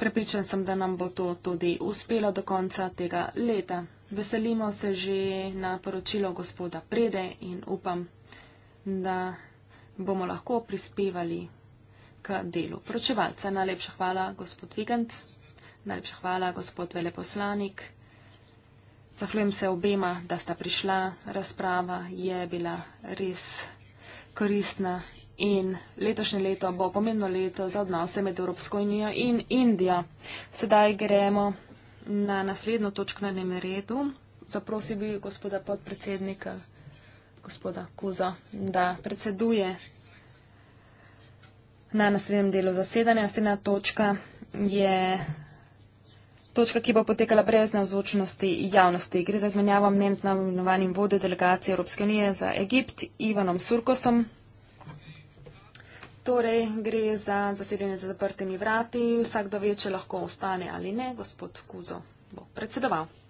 A: Prepričan sem, da nam bo to tudi uspelo do konca tega leta. Veselimo se že na poročilo gospoda Prede in upam, da bomo lahko prispevali k delu poročevalca. Najlepša hvala, gospod Vigant. Najlepša hvala, gospod veleposlanik. Zahvaljujem se obema, da sta prišla. Razprava je bila res koristna in letošnje leto bo pomembno leto za odnose med Evropsko unijo in Indijo. Sedaj gremo na naslednjo točko na njem redu. Zaprosil bi gospoda podpredsednika, gospoda Kuza, da predseduje na naslednjem delu zasedanja. Naslednja točka je točka, ki bo potekala brez navzočnosti javnosti. Gre za izmenjavo mnen z namenovanim vode delegacije Evropske unije za Egipt Ivanom Surkosom. Torej, gre za zasedanje za zaprtimi vrati. Vsakdo ve, če lahko ostane ali ne. Gospod Kuzo bo predsedoval.